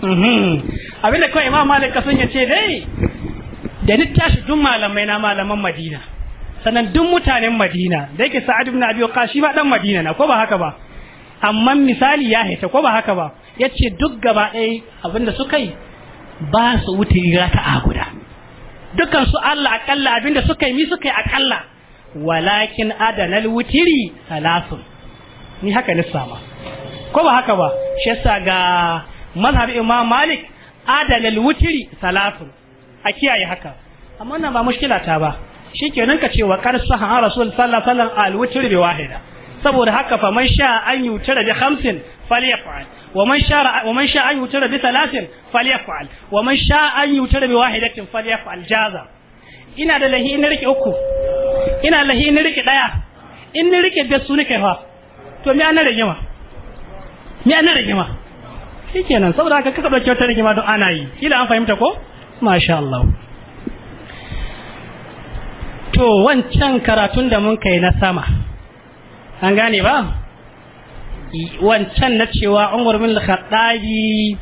[SPEAKER 1] mhm. abinda kai imam malik kasan ya ce dai da ni tashi duk malamai na malaman madina sannan duk mutanen madina da yake sa'ad ibn abi waqash shi ma dan madina na ko ba haka ba amma misali ya haita ko ba haka ba yace duk gaba ɗaya abinda suka yi ba su ta a guda dukan su Allah akalla abinda suka yi mi suka yi akalla walakin adanal wutiri salasun ni haka lissama ko ba haka ba shi yasa ga mazhab imam malik adanal wutiri salasun a kiyaye haka amma nan ba mushkila ta ba shikenan ka ce wa kar rasul sallallahu alaihi wasallam al bi wahida saboda haka fa man sha an yutira bi khamsin falyaf'al ومن شاء ومن شاء أن يوتر بثلاث فليفعل ومن شاء أن يوتر بواحدة فليفعل جازا ina da lahi in rike uku ina lahi in rike daya in rike da su nake to me an rigima me an rigima shikenan saboda haka kaka dauke wata rigima don ana yi kila an fahimta ko masha Allah to wancan karatun da mun kai na sama an gane ba wancan na cewa umar bin khattabi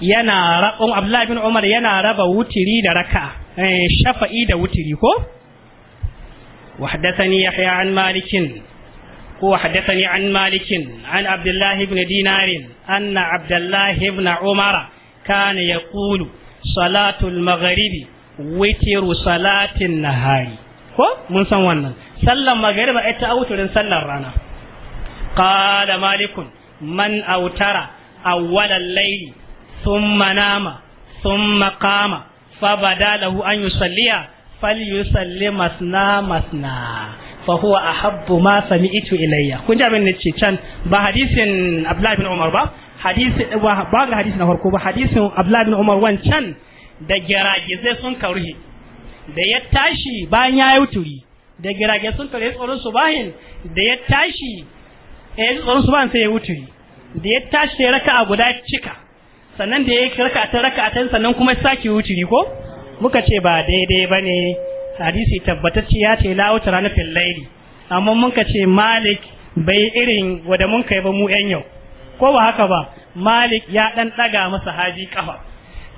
[SPEAKER 1] yana rabon um, abdullahi bin umar yana raba wutiri da raka eh, shafa'i da wutiri ko وحدثني يحيى an malikin? وحدثني عن مالك عن عبد Abdullahi بن دينار أن عبد الله بن عمر كان يقول صلاة المغرب وتر صلاة ko mun san wannan sallar magariba ita a wuturin sallar rana qala malikun man autara awwalal layli thumma nama thumma qama fa badalahu an yusalliya falyusalli masna masna fa huwa ahabbu ma sami'tu ilayya kun ji abin can ba hadisin Abdullahi bin Umar ba hadisi ba ga hadisi na farko ba hadisin Abdullahi bin Umar wancan da giragizai sun karuhi da ya tashi bayan ya yi turi da girage sun kare da eh tsoron su ba sai ya wuce da ya tashi ya raka a guda cika sannan da ya raka ta raka a ta sannan kuma sake wuturi ko muka ce ba daidai ne hadisi tabbatacce ya ce la wutura na amma muka ce malik bai irin da mun kai ba mu yan yau ko ba haka ba malik ya dan daga masa haji kafa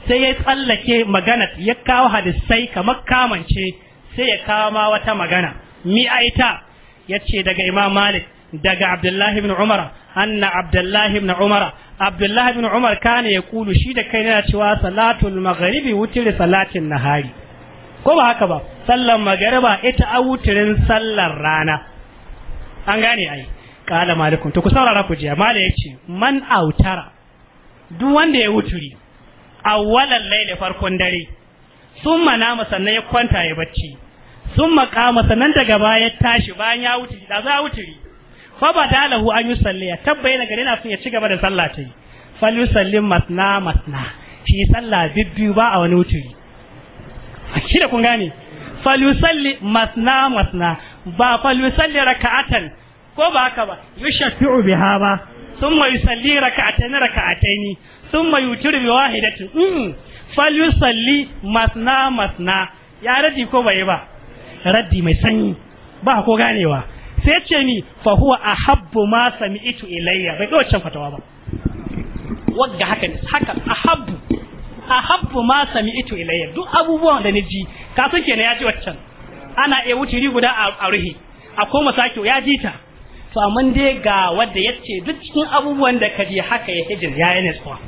[SPEAKER 1] sai ya tsallake magana ya kawo hadisai kamar kamance sai ya kawo ma wata magana mi aita yace daga imam malik daga abdullahi ibn umar anna abdullahi ibn umar abdullahi ibn umar kana ya kulu shi da kai yana cewa salatul maghribi wutir salatin nahari ko ba haka ba sallar magariba ita a wutirin sallar rana an gane ai kala malikum to ku saurara ku jiya mala yace man autara duk wanda ya wuturi awwalan laili farkon dare summa nama sannan ya kwanta ya bacci Summa kama sannan daga baya ya tashi bayan ya wuturi da za wuturi fa lahu an yusalli ya tabbayana daga na sun ya ci gaba da sallah ta yi fal yusallim masna matna shi sallah bibbiyu ba a wani wuturi shi da kun gane fal yusalli masna masna ba fal yusalli raka'atan ko ba haka ba yushafi'u biha ba thumma yusalli raka'atan Sun thumma yutiru bi wahidatin mm fal yusalli masna masna ya raddi ko bai ba raddi mai sanyi ba ko ganewa sai ce ni fa huwa ahabbu ma sami'tu ilayya bai ga wancan fatawa ba wagga haka ne haka ahabbu ahabbu ma sami'tu ilayya duk abubuwan da niji ka san kenan ya ji waccan ana iya wuce ri guda a ruhi a koma sake ya ji ta to amma dai ga wanda ce duk cikin abubuwan da ka ji haka ya hijin ya yi nesuwa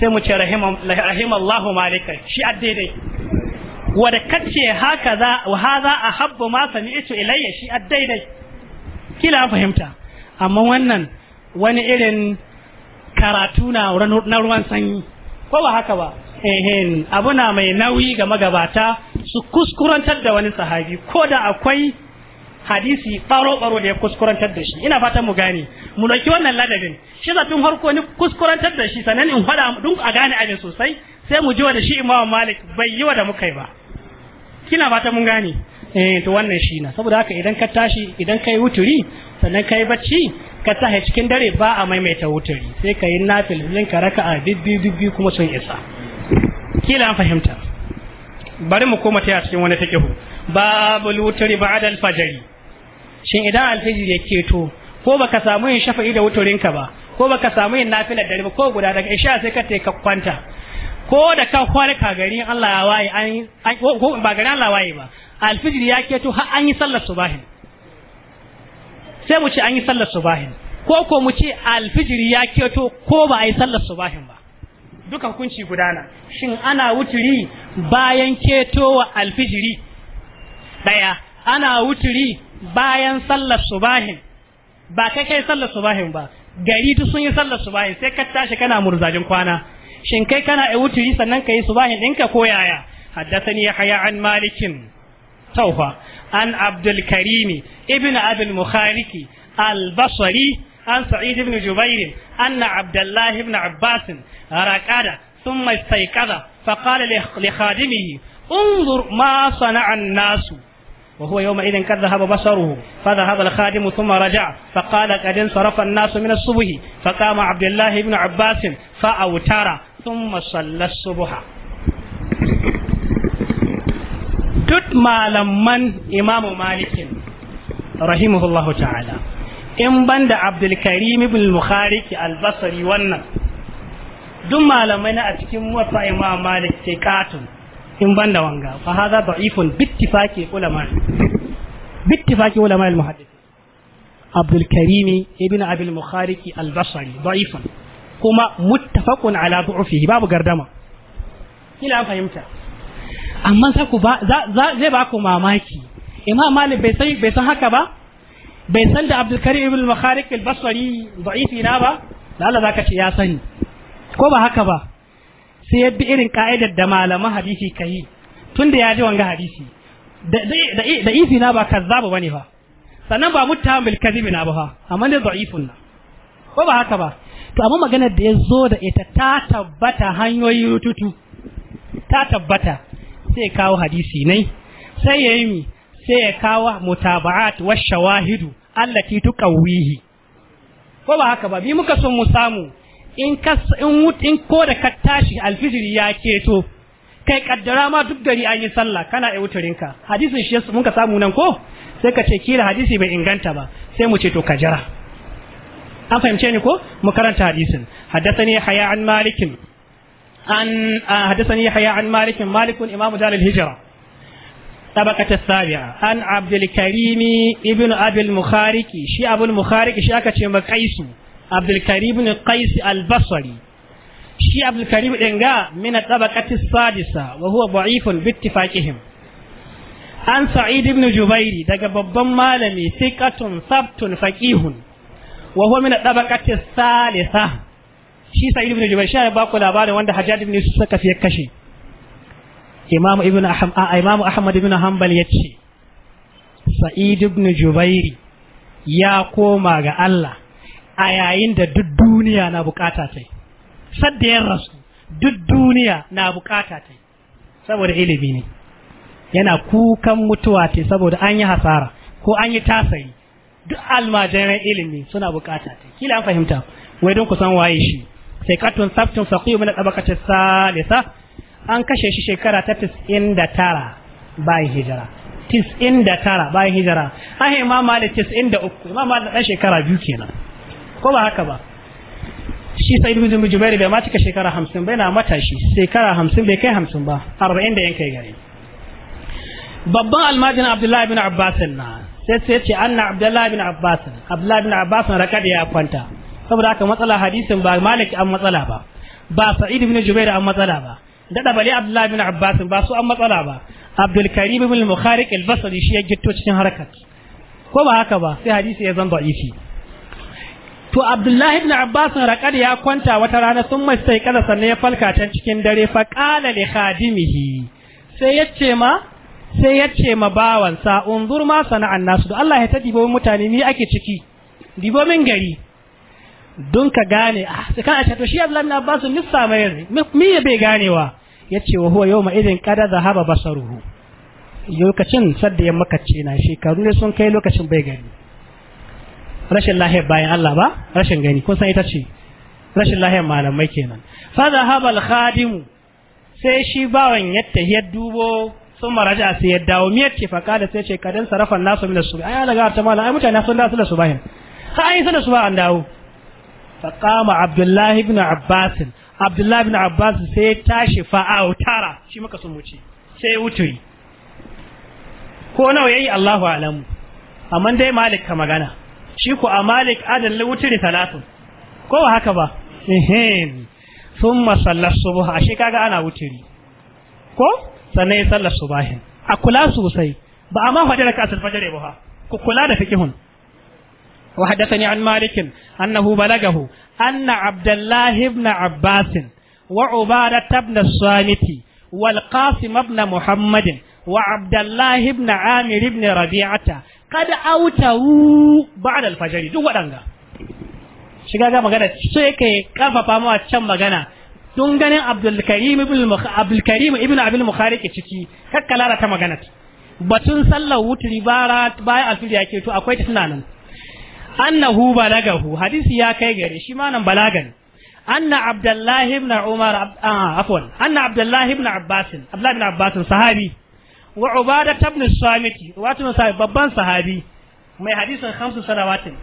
[SPEAKER 1] sai mu ce rahimallahu malika shi addaidai wadda kace haka za wa hadha ahabbu ma sami'tu ilayya shi addaidai kila fahimta amma wannan wani irin karatu na ruwan sanyi ko ba haka ba ehen abu na mai nauyi ga magabata su kuskurantar da wani sahabi ko da akwai hadisi baro-baro da ya kuskurantar da shi ina fatan mu gane mu dauki wannan ladabin shi tun harko ni kuskurantar da shi sannan in faɗa dun a gane abin sosai sai mu ji wa da shi imamu malik bai yi wa da muka yi ba kina fatan mun gane eh to wannan shi na saboda haka idan ka tashi idan kai wuturi sannan kai bacci ka tashi cikin dare ba a maimaita wuturi sai ka yi nafil din ka a bibbi bibbi kuma sun isa kila an fahimta bari mu koma ta cikin wani fiqh babul wuturi ba'da al-fajr shin idan al-fajr ya keto ko baka samu yin shafa'i da wuturinka ba ko baka samu yin nafilar dare ba ko guda daga isha sai ka ka kwanta ko da kan kwana ka gari Allah ya waye an ko ba Allah waye ba alfijir ya keto har an yi sallar subahin sai mu ce an yi sallar subahin ko ko mu ce alfijiri ya keto ko ba a yi sallar subahin ba duka hukunci gudana shin ana wuturi bayan keto wa alfijiri daya ana wuturi bayan sallar subahin ba kai kai sallar subahin ba gari duk sun yi sallar subahin sai ka tashi kana murzajin kwana shin kai kana a wuturi sannan ka yi subahin ɗinka ko yaya حدثني يحيى عن مالك an abdulkarimi ibn abin muhariki albasari an sa'id ibn jubairi anna abdullahi ibn abbas raqada thumma istayqadha fa qala li khadimihi انظر ما صنع الناس وهو يومئذ قد ذهب بصره فذهب الخادم ثم رجع فقال قد انصرف الناس من الصبح فقام عبد الله duk malaman imamu malikin rahimahullahu ta'ala in ban da abdulkarim ibn al-mukhariki al-basri wannan duk malamai na a cikin wata imam malik ke katun in ban da wanga fa hadha da'ifun bittifaqi ulama bittifaqi ulama al-muhaddith Abdulkarim karim ibn abi al-mukhariki al-basri da'ifun kuma muttafaqun ala du'fihi babu gardama kila fahimta amma za ku ba zai ba ku mamaki imam malik bai san bai san haka ba bai san da abdul karim ibn makharik al basri da'ifi na ba da Allah zaka ce ya sani ko ba haka ba sai yadda irin ka'idar da malaman hadisi kai tunda ya ji wanga hadisi da ifi na ba kazzaba bane ba sannan ba bil kadhib na ba amma ne da'ifun na ko ba haka ba to amma maganar da ya zo da ita ta tabbata hanyoyi rututu ta tabbata sai ya kawo hadisi ne sai ya yi sai ya kawo mutaba'at wa shawahidu allati tuqawwihi ko ba haka ba bi muka son mu samu in kas in in ko da ka tashi alfijiri ya keto kai kaddara ma duk gari an yi sallah kana ai ka hadisin shi muka samu nan ko sai ka ce kila hadisi bai inganta ba sai mu ce to ka jira an fahimce ni ko mu karanta hadisin haddathani haya an malikin an hadathani yahya an malik malik imam dar al-hijra طبقة السابعة عن عبد الكريم ابن أبي المخارك شي أبو المخارك شي أكا تشيما قيس عبد الكريم بن قيس البصري شي عبد الكريم إنجا من الطبقة السادسة وهو ضعيف باتفاقهم عن سعيد بن جبير دقا ببن مالمي ثقة ثبت فقيه وهو من الطبقة الثالثة shi sa'id ibn jubair sha ya ku labarin wanda hajjaj ibn yusuf saka fiye kashe imam ibn imam ahmad ibn hanbal yace sa'id ibn jubair ya koma ga Allah a yayin da duk duniya na bukata ta sadda rasu duk duniya na bukata ta saboda ilimi ne yana kukan mutuwa ce saboda an yi hasara ko an yi tasayi duk almajiran ilimi suna bukata ta kila an fahimta wai don ku san waye shi sikatun sabtun faqiyu min tabaqati salisa an kashe shi shekara ta tara bayan hijira tara bayan hijira da tis'in da uku imam da ɗan shekara biyu kenan ko ba haka ba shi sai ibn jubair bai ma cika shekara hamsin bai na matashi shekara hamsin bai kai hamsin ba arba'in da yan kai gare babban almajin abdullahi bin abbasin na sai sai ce na abdullahi bin abbasin abdullahi bin abbasin raka ya kwanta saboda haka matsala hadisin ba maliki an matsala ba ba sa'id ibn jubair an matsala ba dada bali abdullahi ibn abbas ba su an matsala ba abdul karim ibn mukhariq al-basri shi ya gitto cikin harakat ko ba haka ba sai hadisi ya zan da'ifi to abdullahi ibn abbas raqad ya kwanta wata rana sun mai sai kada sanne ya falka ta cikin dare fa qala li khadimihi sai yace ma sai yace ma bawan sa unzur ma sana'an nasu Allah ya ta dibo mutane ni ake ciki dibo min gari don ka gane a ah, sai kana a cato shi Abdullahi ba su nisa mai yanzu mi ya bai ganewa ya ce wa huwa yawma idin qada zahaba basaruhu lokacin sadda ya makace na shekaru ne sun kai lokacin bai gani rashin lahiyar bayan Allah ba rashin gani kun san ita ce rashin lahiyar malamai kenan fa za al khadimu sai shi bawan yadda ya dubo sun maraja sai ya dawo miyar ce faka da sai ce kadan sarrafa nasu min su ai Allah ga ta mala ai mutane sun da su da su bayan sai an yi su da su ba an dawo faqama Abdullahi bin abbas Abdullahi bin abbas sai ya tashi fa'a tara shi muka sun wuce sai wuturi ko nawa ya yi Allahu alamu amma dai malik ka magana shi ko a malik adalin wuturi talatin ko haka ba ehem thumma sallar a ashe kaga ana wuturi ko sannan ya sallar subahin a kula sosai ba a ma faɗi raka asal fajare buha, ku kula da fiqihun وحدثني عن مالك أنه بلغه أن عبد الله بن عباس وعبادة بن الصامت والقاسم بن محمد وعبد الله بن عامر بن ربيعة قد أوتوا بعد الفجر دو ودنغا shiga ga magana sai kai kafafa mu a can magana tun ganin Abdulkarim ibn Abdulkarim ibn Abdul Mukhariq ciki kakkalara ta magana batun sallar wuturi bara bayan alfil ya ke to akwai ta tunanin annahu balagahu hadisi ya kai gare shi ma nan balagan anna abdullahi ibn umar ah, ah, afwan anna abdullahi ibn abbas abdullahi ibn abbas sahabi wa ubada ibn samit wato sahabi babban sahabi mai hadisin khamsu salawatin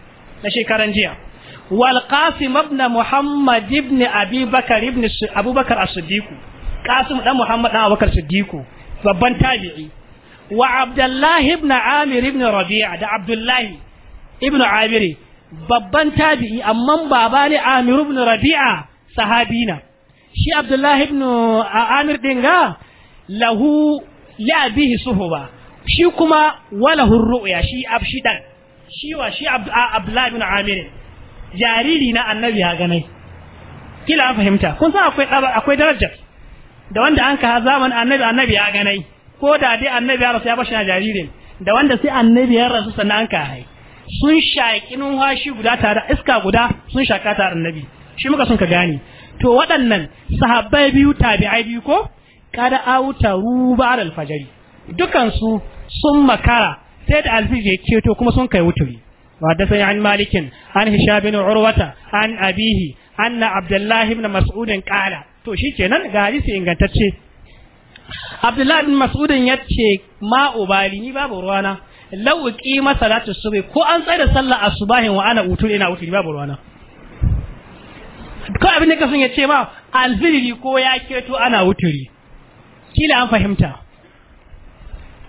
[SPEAKER 1] na shekaran jiya wal qasim ibn muhammad ibn abi bakar ibn abubakar as-siddiq qasim dan muhammad dan abubakar siddiq babban tabi'i wa abdullahi ibn amir ibn rabi'a da abdullahi ibnu amiri babban tabi'i amma baba ne amir ibn rabi'a sahabina shi abdullahi ibn amir din ga lahu li abihi suhuba shi kuma wala ru'ya shi abshi dan shi wa shi abdullahi ibn amir jariri na annabi ya ganai kila an fahimta kun san akwai akwai darajar da wanda an ka zaman annabi annabi ya ganai ko da dai annabi ya rasu ya bashi na jariri da wanda sai annabi ya rasu sannan an ka hai sun shaƙi numfashi guda tare iska guda sun shaƙa tare annabi shi muka sun ka gane to waɗannan sahabbai biyu tabi'ai biyu ko kada auta da alfajari dukan su sun makara sai da alfijir ya keto kuma sun kai wuturi وحدثني عن an عن هشام بن عروة عن أبيه an na Abdullahi بن Mas'udin Qala to shi nan ga hadisi ingantacce Abdullahi bin Mas'udin ya ce ma ubali ni babu ruwana law qima salatu subhi ko an tsaya da sallah asubahin wa ana utur ina utur babu ruwana ko abin da ka sun ya ce ma alfiri ko ya keto ana wuturi kila an fahimta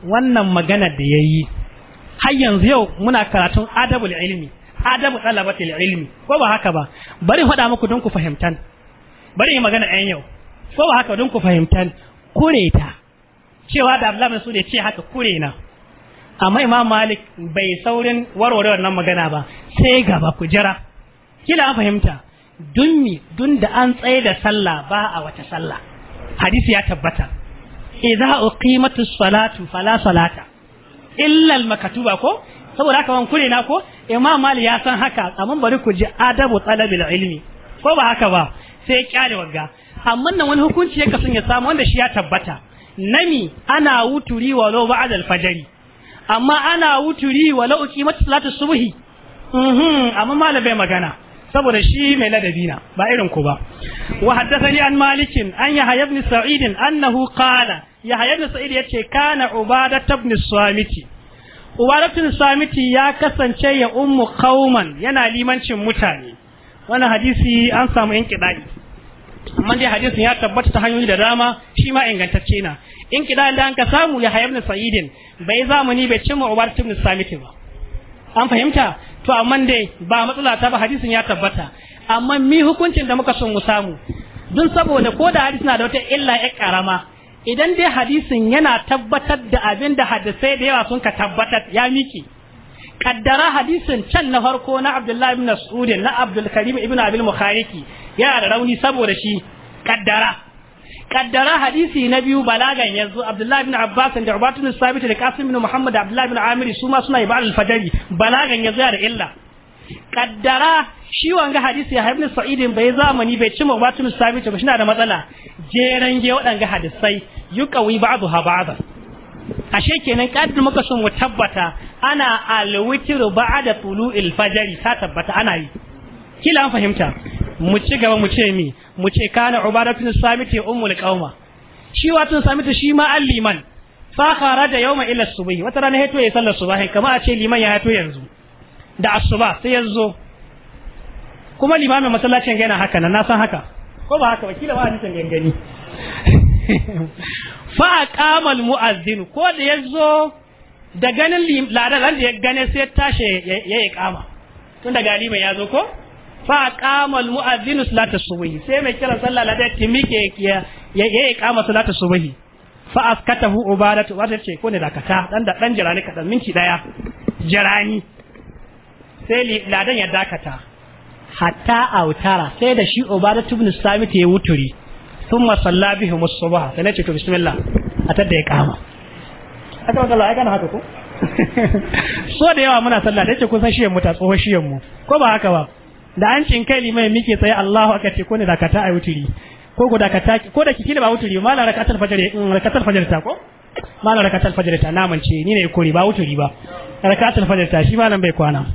[SPEAKER 1] wannan magana da yayi har yanzu yau muna karatun adabul ilmi adabu da ilmi ko ba haka ba bari faɗa muku don ku fahimtan bari yi magana ɗayan yau ko ba haka don ku fahimtan kureta cewa da Abdullahi Masud ya ce haka kurena amma imam malik bai saurin warware wannan magana ba sai gaba kujera kila an fahimta dun mi dun da an tsaye da sallah ba a wata sallah hadisi ya tabbata idza uqimatu salatu fala salata illa al makatuba ko saboda haka wan kure na ko imam malik ya san haka amma bari ku ji adabu talabil ilmi ko ba haka ba sai kyale wagga amma nan wani hukunci ya kasance ya samu wanda shi ya tabbata nami ana wuturi walau ba'da al fajri amma ana wuturi walau qimatu salatu subhi mhm amma malabai magana saboda shi mai ladabi na ba irin ku ba wa haddathani an malikin an yahya ibn sa'id annahu qala yahya ibn sa'id yace kana ubadah ibn samiti ubadah ibn samiti ya kasance ya ummu qauman yana limancin mutane wannan hadisi an samu yan kidai amma dai hadisin ya tabbata ta hanyoyi da dama shi ma ingantacce na in kida da an ka samu ya hayar na sa'idin bai zamani bai cimma ubar tibni samiti ba an fahimta to amma dai ba matsala ta ba hadisin ya tabbata amma mi hukuncin da muka son mu samu don saboda ko da hadisin da wata illa ya karama idan dai hadisin yana tabbatar da abin da hadisai da yawa sun ka tabbatar ya miki kaddara hadisin can na farko na abdullahi ibn mas'ud na abdul karim ibn abil mukhariki yana da rauni saboda shi kaddara kaddara hadisi na biyu balagan yanzu abdullahi bin abbas da ubatun sabit da qasim bin muhammad da abdullahi bin amiri su ma suna ibal al balagan yanzu da illa kaddara shi wanga hadisi ya haibni sa'idin bai zamani bai cimma ubatun sabit ba shina da matsala jeran ge wadanga hadisai yuqawi ba'daha ba'da ashe kenan kaddu muka son mu tabbata ana alwitru ba'da tulu'il fajari ta tabbata ana yi kila an fahimta mu ci gaba mu ce mi mu ce kana ubadatu samiti ya ummul qauma shi wato samiti shi ma alliman fa kharaja yawma ila subh wata rana haito ya sallar subahi kama a ce liman ya haito yanzu da asuba sai yanzu kuma limamin masallacin yana haka nan na san haka ko ba haka ba kila ba hadisin gangani fa aqama al muazzin ko da yazo da ganin ladan da ya gane sai ya tashi ya yi tun daga liman ya zo ko fa qama al mu'adhdhin salata subhi sai mai kira sallah la da mike ya ya kama salata subhi fa askatahu ubadatu wata ce ko ne dakata dan da dan jirani kadan minti daya jirani sai ladan ya dakata hatta autara sai da shi ubadatu ibn samit ya wuturi thumma salla bihim as-subha sai ne ce to bismillah atar da ya kama aka magana ai kana haka ko so da yawa muna sallah da yake kun san shiyan mu ta tsoho shiyan mu ko ba haka ba da an kai limai muke tsaye Allahu aka ce ko ne dakata ai wuturi ko ko dakata ko da kike ba wuturi mala rakatul fajr mm, rakatul fajr ta ko malam rakatul fajr ta na mance ni ne kori ba wuturi ba rakatul fajr ta shi malam bai kwana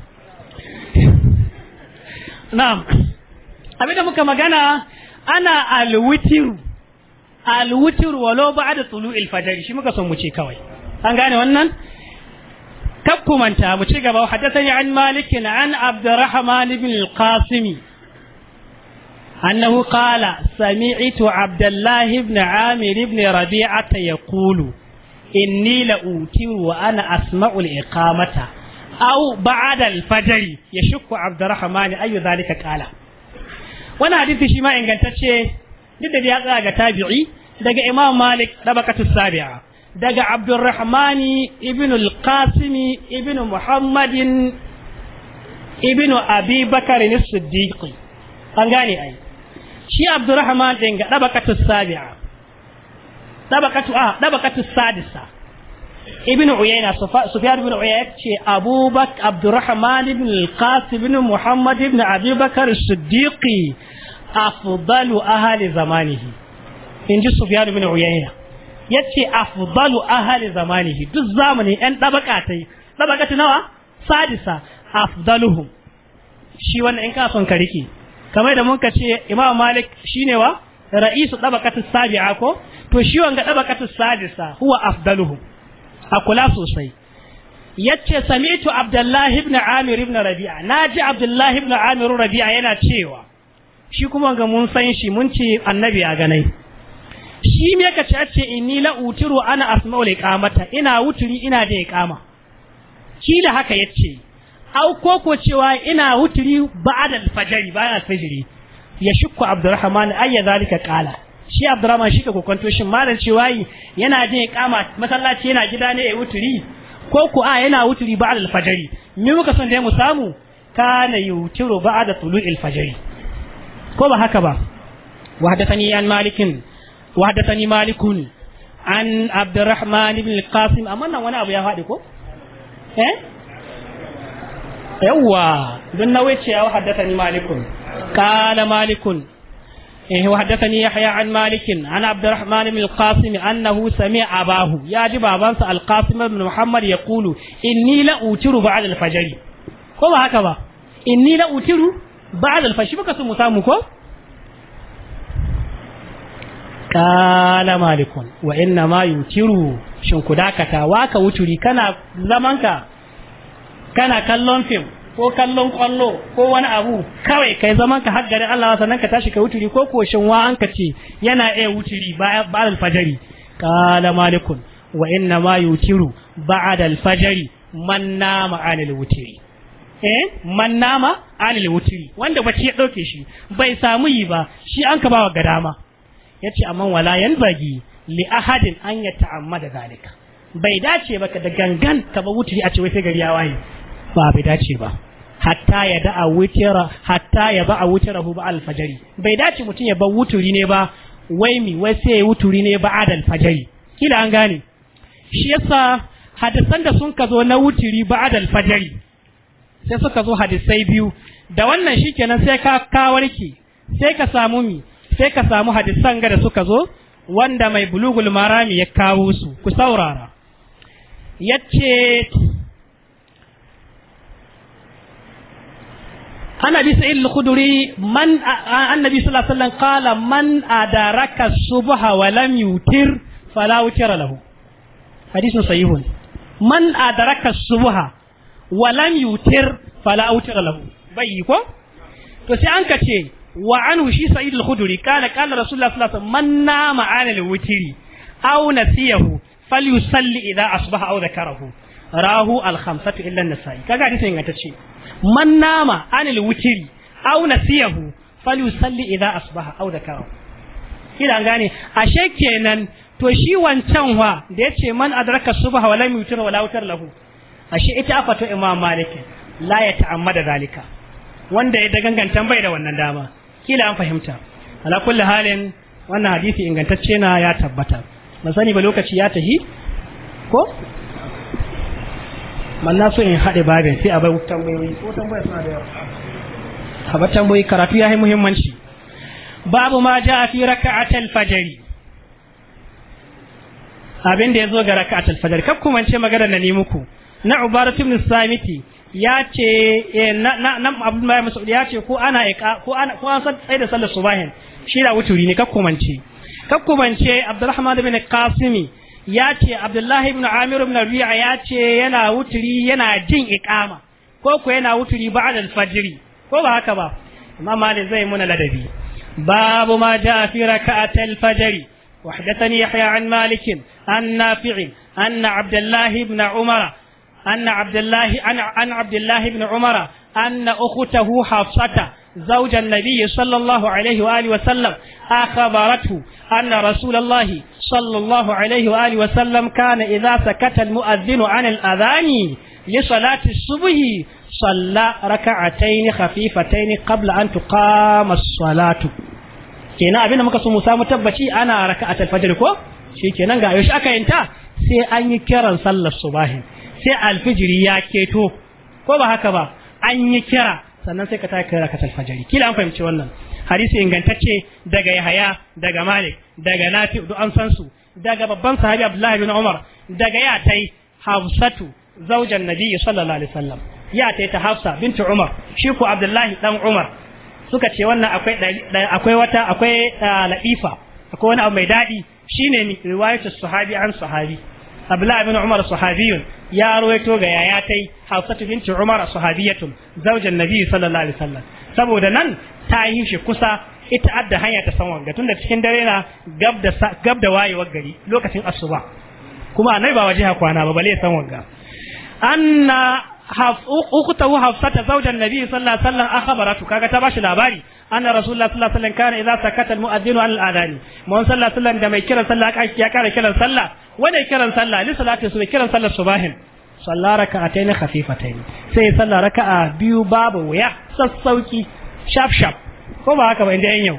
[SPEAKER 1] na'am abinda muka magana ana alwitiru alwitiru walau ba'da tulu'il fajr shi muka son mu ce kawai an gane wannan kakkumanta mu ci gaba haddathani an malik an abdurrahman ibn al-qasim annahu qala sami'tu abdullah ibn amir ibn rabi'ata yaqulu inni la utiru wa ana asma'u al-iqamata aw ba'da al-fajr yashukku abdurrahman ayu dhalika qala wani hadisi shi ma ingantacce duk da ya tsaya ga tabi'i daga imam malik rabaqatus sabi'a daga abdurrahmani ibn al-qasimi ibn muhammadin ibn abi bakar siddiqi an gane ai shi abdurrahman din ga dabaqatu sabi'a dabaqatu a ah, dabaqatu sadisa ibn uyayna sufyan ibn uyayna ce abubakar abdurrahman ibn al-qasim ibn muhammad ibn abi bakar siddiqi afdalu ahli zamanihi inji sufyan ibn uyayna yace afdalu ahli zamanihi duk zamani yan dabaka tai dabaka ta nawa sadisa afdaluhum shi wannan in ka son ka rike kamar da mun ka ce imam malik shine wa ra'isu dabakatu sabi'a ko to shi wanga dabakatu sadisa huwa afdaluhum a kula sosai yace sami'tu abdullahi ibn amir ibn rabi'a naji abdullahi ibn amir rabi'a yana cewa shi kuma ga mun san shi mun ce annabi a ganai shi me ka ce inni la utiru ana asma'ul iqamata ina wuturi ina da iqama shi da haka yace au ko ko cewa ina wuturi ba'da al-fajr bayan al-fajr ya shukku abdurrahman ayya zalika qala shi abdurrahman shi ka kokonto shin malan cewa yana da iqama masallaci yana gida ne ya wuturi ko ko a yana wuturi ba'da al-fajr me muka son dai mu samu kana yutiru ba'da tulu'il fajr ko ba haka ba وحدثني عن مالك وحدثني مالك عن عبد الرحمن بن القاسم أمانا وانا أبو يهاديكو ها إيه؟ يوا قلنا ويتش أو حدثني مالك قال مالك إيه وحدثني يحيى عن مالك عن عبد الرحمن بن القاسم أنه سمع أباه يا جبا بانس القاسم بن محمد يقول إني لا أوتر بعد الفجر كما هكذا إني لا أوتر بعد الفجر شبك سمسامكم kala malikun wa inna ma yunkiru shin ku dakata waka wuturi kana zamanka kana kallon fim ko kallon kwallo ko wani abu kawai kai zamanka har garin Allah sannan ka tashi ka wuturi ko ko shin wa an ka ce yana iya wuturi ba al-fajri kala malikun wa inna ma yutiru ba'da al man nama anil wutiri eh man nama anil wutiri wanda bacci ya dauke shi bai samu yi ba shi an ka bawa gadama ce amma wala bagi li ahadin an da zalika bai dace ba ka da gangan ka ba wuturi a ce wai sai gari ya waye ba bai dace ba hatta ya da'a wutira hatta ya ba ba'a hu ba alfajari bai dace mutum ya ba wuturi ne ba wai mi wai sai ya wuturi ne ba adal fajari kila an gane shi yasa hadisan da sun ka zo na wuturi ba adal fajari sai suka zo hadisai biyu da wannan shikenan sai ka kawarki sai ka samu mi sai ka samu hadisan ga da suka zo wanda mai bulugul marami ya kawo su ku saurara ya ce annabi sa'il al-khudri man annabi sallallahu alaihi wasallam qala man adaraka subha wa lam yutir fala wutira lahu hadithun sahihun man a da raka adaraka subha wa lam yutir fala wutira lahu bai ko to sai an ka ce wa anhu shi sa'id al-khudri kana kana rasulullah sallallahu alaihi wasallam man nama ala al-witri aw nasiyahu falyusalli idha asbaha aw dhakarahu rahu al-khamsatu illa an-nasa'i kaga hadisin ingantacce man nama ala al-witri aw nasiyahu falyusalli idha asbaha aw dhakarahu kila gane ashe kenan to shi wancan wa da yace man adraka subha wa lam yutir wa la utar lahu ashe ita afato imam malik la ya ta'ammada zalika wanda ya dagangantan bai da wannan dama kila an fahimta ala kulli halin wannan hadisi ingantacce na ya tabbata ba sani ba lokaci ya tahi ko man na so in haɗe babin sai a bai tambayoyi ko tambaya suna da yawa a ba tambayoyi karatu ya yi muhimmanci babu ma ja a fi raka'atul fajr abin da ya zo ga raka'atul fajr kar ku mance magana na ne muku na ubaratu ibn samiti ya ce eh, na na Abdullahi Mas'ud ya ce ko ana iqa ko ana ko an san tsaye da sallar subahin shi da wuturi ne kakkumance kakkumance Abdurrahman ibn Qasimi ya ce Abdullahi ibn Amir ibn Rabi'a ya ce yana wuturi yana jin iqama ko ko yana wuturi ba'da al-fajr ko ba haka ba amma malik zai muna ladabi babu ma ja'a fi raka'atil fajr وحدثني يحيى عن مالك عن نافع أن عبد Abdullahi بن عمر أن عبد الله أن عبد الله بن عمر أن أخته حفصة زوج النبي صلى الله عليه وآله وسلم أخبرته أن رسول الله صلى الله عليه وآله وسلم كان إذا سكت المؤذن عن الأذان لصلاة الصبح صلى ركعتين خفيفتين قبل أن تقام الصلاة kenan abin da muka so mu samu tabbaci ana raka'atul fajr ko shi kenan ga yaushe aka yinta sai an yi kiran sallar subahin sai alfijiri ya keto ko ba haka ba an yi kira sannan sai ka ta kira ka talfajari kila an fahimci wannan hadisi ingantacce daga Yahaya daga Malik daga Nafi duk an san su daga babban sahabi Abdullahi bin Umar daga ya tai Hafsatu zaujan Nabi sallallahu alaihi wasallam ya tai ta Hafsa binti Umar shi ko Abdullahi dan Umar suka ce wannan akwai akwai wata akwai ah, laifa akwai wani abu mai dadi shine riwayatu sahabi an sahabi abdullahi bin umar sahabiyun ya ruwaito ga yaya tai hafsatu binti umar sahabiyatun zaujan nabi sallallahu alaihi wasallam saboda nan ta yi shi kusa ita adda hanya ta san wanga tunda cikin dare na gab da gab da wayewar gari lokacin asuba kuma nai ba waje kwana ba bale san wanga anna ukhtahu hafsata zawjan nabi sallallahu alaihi wasallam akhbaratu kaga ta bashi labari anna rasulullah sallallahu alaihi wasallam kana idza sakata almu'adhdhinu an al'adani mu sallallahu alaihi wasallam da mai kiran sallah kashi ya kara kiran sallah wanda kiran sallah li salati su kiran sallah subahin salla raka'atayn khafifatayn sai salla raka'a biyu babu waya sassauki shaf shaf ko ba haka ba inda yan yau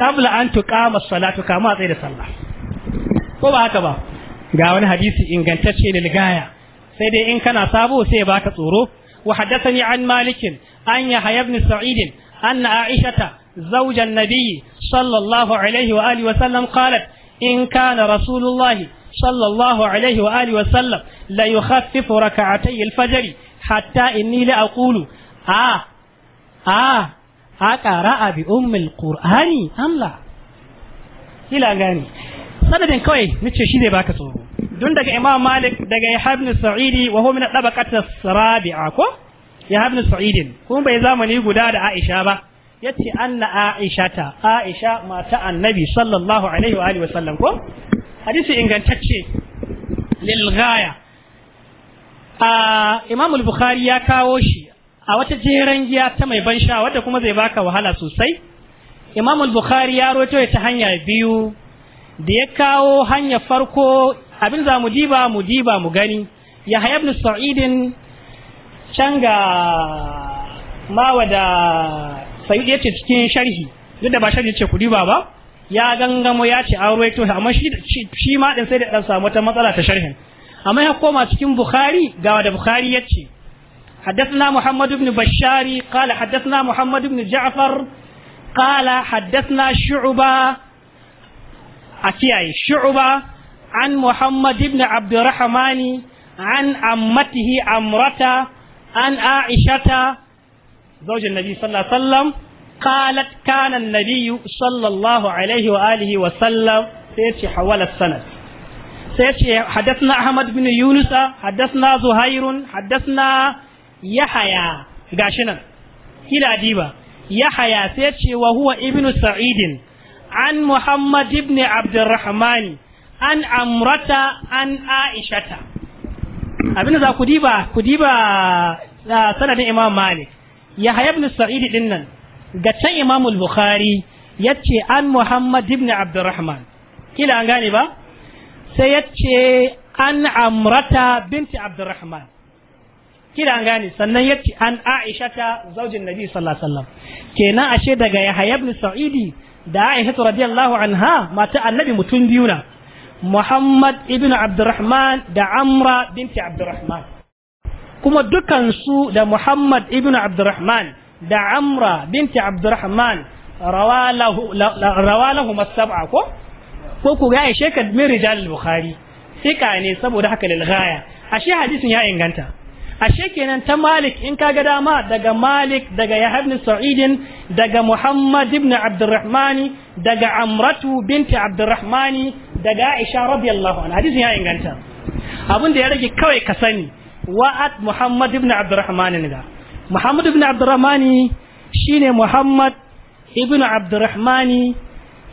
[SPEAKER 1] qabla an tuqama salatu kama tsaye da sallah ko ba haka ba ga wani hadisi ingantacce da ligaya sai dai in kana sabo sai ya baka tsoro wa haddathani an malikin an yahya ibn sa'id anna aisha zawjan nabiy sallallahu alaihi wa alihi wa sallam qalat in kana rasulullah sallallahu alaihi wa alihi wa sallam la yukhaffif rak'atay al-fajr hatta inni la aqulu a a haka ra'a bi umm al amla ila gani sanadin kai nace shi ne baka tsoro dun daga imam malik daga yahabn sa'idi wa huwa min tabaqat as-rabi'a ko yahabn sa'idin kuma bai zamani guda da aisha ba yace anna ta, aisha mata annabi sallallahu alaihi wa alihi wa sallam ko hadisi ingantacce lil ghaya a imam al-bukhari ya kawo shi a wata jeran giya ta mai ban sha wadda kuma zai baka wahala sosai imam al-bukhari ya roto ta hanya biyu da ya kawo hanya farko abin za mu diba mu diba mu gani ya hayab sa'idin can ga mawa da sayid ce cikin sharhi duk da ba sharhi ce ku diba ba ya gangamo ya ce an ruwaito amma shi ma din sai da dan samu wata matsala ta sharhin amma ya koma cikin bukhari ga da bukhari ya ce حدثنا محمد بن بشار قال حدثنا محمد بن جعفر قال حدثنا شعبة أكياي شعبة عن محمد بن عبد الرحمن عن أمته أمرة عن عائشة زوج النبي صلى الله عليه وسلم قالت كان النبي صلى الله عليه وآله وسلم سيأتي حول السنة سيأتي حدثنا أحمد بن يونس حدثنا زهير حدثنا يحيى قاشنا إلى ديبا يحيى سيأتي وهو ابن سعيد عن محمد بن عبد الرحمن an amurata an aishata abinda za ku diba ku diba sanadin imam malik ya hayab ni sa'idi din nan ga can imam bukhari ya ce an muhammad ibn abdurrahman kila an gane ba sai ya ce an amurata binti abdurrahman kila an gane sannan ya ce an aishata zaujin nabi sallallahu alaihi wasallam kenan ashe daga ya hayab ni sa'idi da aisha radiyallahu anha mata annabi mutum biyu na Muhammad ibn Abdurrahman da Amra binti Abdurrahman kuma dukansu da Muhammad ibn Abdurrahman da Amra binti Abdurrahman rawalahu masab'a ko ko ku ga Sheikh Admir Rijal Bukhari sika ne saboda haka lil ashe hadisin ya inganta ashe kenan ta Malik in ka ga dama daga Malik daga Yahya ibn Sa'id daga Muhammad ibn Abdurrahman daga amratu binti abdurrahmani daga aisha radiyallahu anha hadisin ya inganta abin da ya rage kawai ka sani wa'at muhammad ibn abdurrahmani ga muhammad ibn abdurrahmani shine muhammad ibn abdurrahmani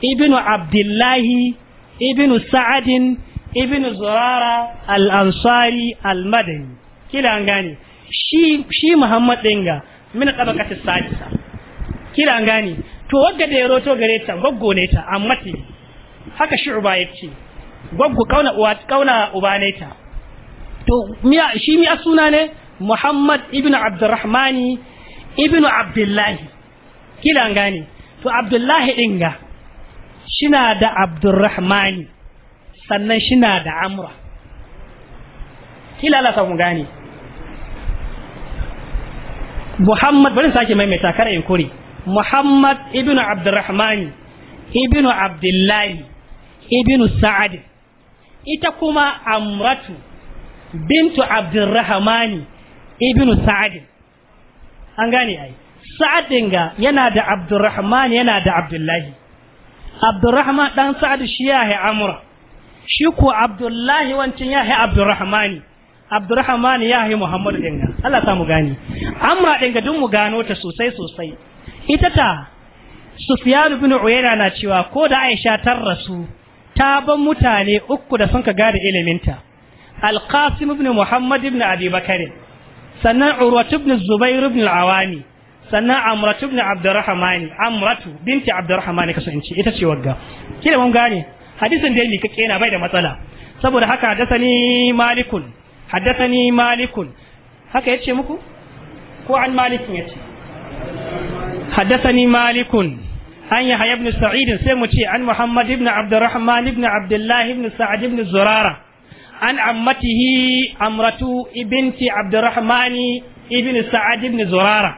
[SPEAKER 1] ibn abdullahi ibn sa'adin ibn zurara al-ansari al-madani kila an gane shi shi muhammad din ga min tabaqati sadisa kila an gane to wadda da ya roto gare ta gwaggo ne ta amma ce haka shi uba ya ce gwaggo kauna uwa kauna uba ne ta to miya shi miya suna ne Muhammad ibn Abdurrahmani ibn Abdullahi kila gane to Abdullahi din ga shina da Abdurrahmani sannan shina da Amra kila la ta mu gane Muhammad bari sake maimaita kare in kore muhammad ibn abdurrahman ibn abdullahi ibn sa'ad ita kuma amratu bintu abdurrahman ibn sa'ad an gane ai sa'ad ga yana da abdurrahman yana da abdullahi abdurrahman dan sa'ad shi ya hai amra shi ko abdullahi wancan ya hai abdurrahman abdurrahman ya hai muhammadu dinga Allah samu gani amra dinga duk mu gano ta sosai sosai ita ta Sufyan bin Uyayna na cewa ko da Aisha ta rasu ta ban mutane uku da sun ka gada iliminta Al-Qasim ibn Muhammad ibn Abi Bakar sannan Urwat ibn Zubair ibn al sannan Amratu ibn Abdurrahman Amratu binti Abdurrahman kasu in ce ita ce wagga kida mun gane hadisin da ni kake yana bai da matsala saboda haka hadathani Malikun hadathani Malikun haka yace muku ko an Malikin yace حدثني مالك عن يحيى بن سعيد سيمتي عن محمد بن عبد الرحمن بن عبد الله بن سعد بن زرارة عن عمته أمرة بنت عبد الرحمن بن سعد بن زرارة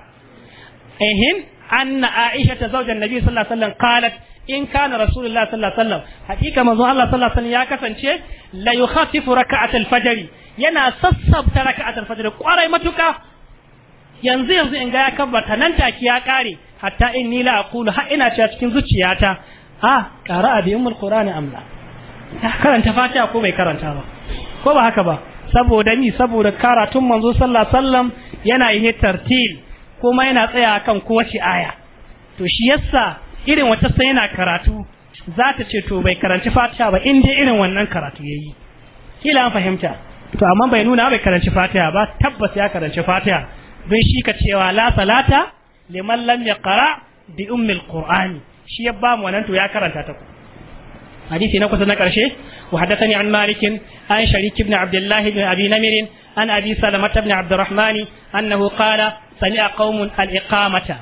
[SPEAKER 1] إهم أن عائشة زوج النبي صلى الله عليه وسلم قالت in kana rasulullah sallallahu alaihi wasallam hakika manzo Allah sallallahu alaihi ya kasance la yukhaffifu raka'at al-fajr yana sassabta raka'at al-fajr kwarai matuka yanzu yanzu in ga ya kabbata nan take ya kare hatta inni la aqulu har ina cewa cikin zuciyata ha ah, qara'a bi ummul qur'ani amla karanta fatiha ko bai karanta ba ko ba haka ba saboda ni saboda karatun manzo sallallahu alaihi wasallam yana yin tartil kuma yana tsaya kan kowace aya to shi yasa irin wata sai yana karatu za ta ce to bai karanci fatiha ba in dai irin wannan karatu yayi kila an fahimta to amma bai nuna bai karanci fatiha ba tabbas ya karanci fatiha don shi ka cewa la salata liman lam yaqra bi ummil qur'ani shi ya ba mu wannan to ya karanta ta ku hadisi na kusa na karshe wa hadathani an malik an sharik ibn abdullah ibn abi namir an abi salama ibn abdurrahman annahu qala sami'a qaumun al-iqamata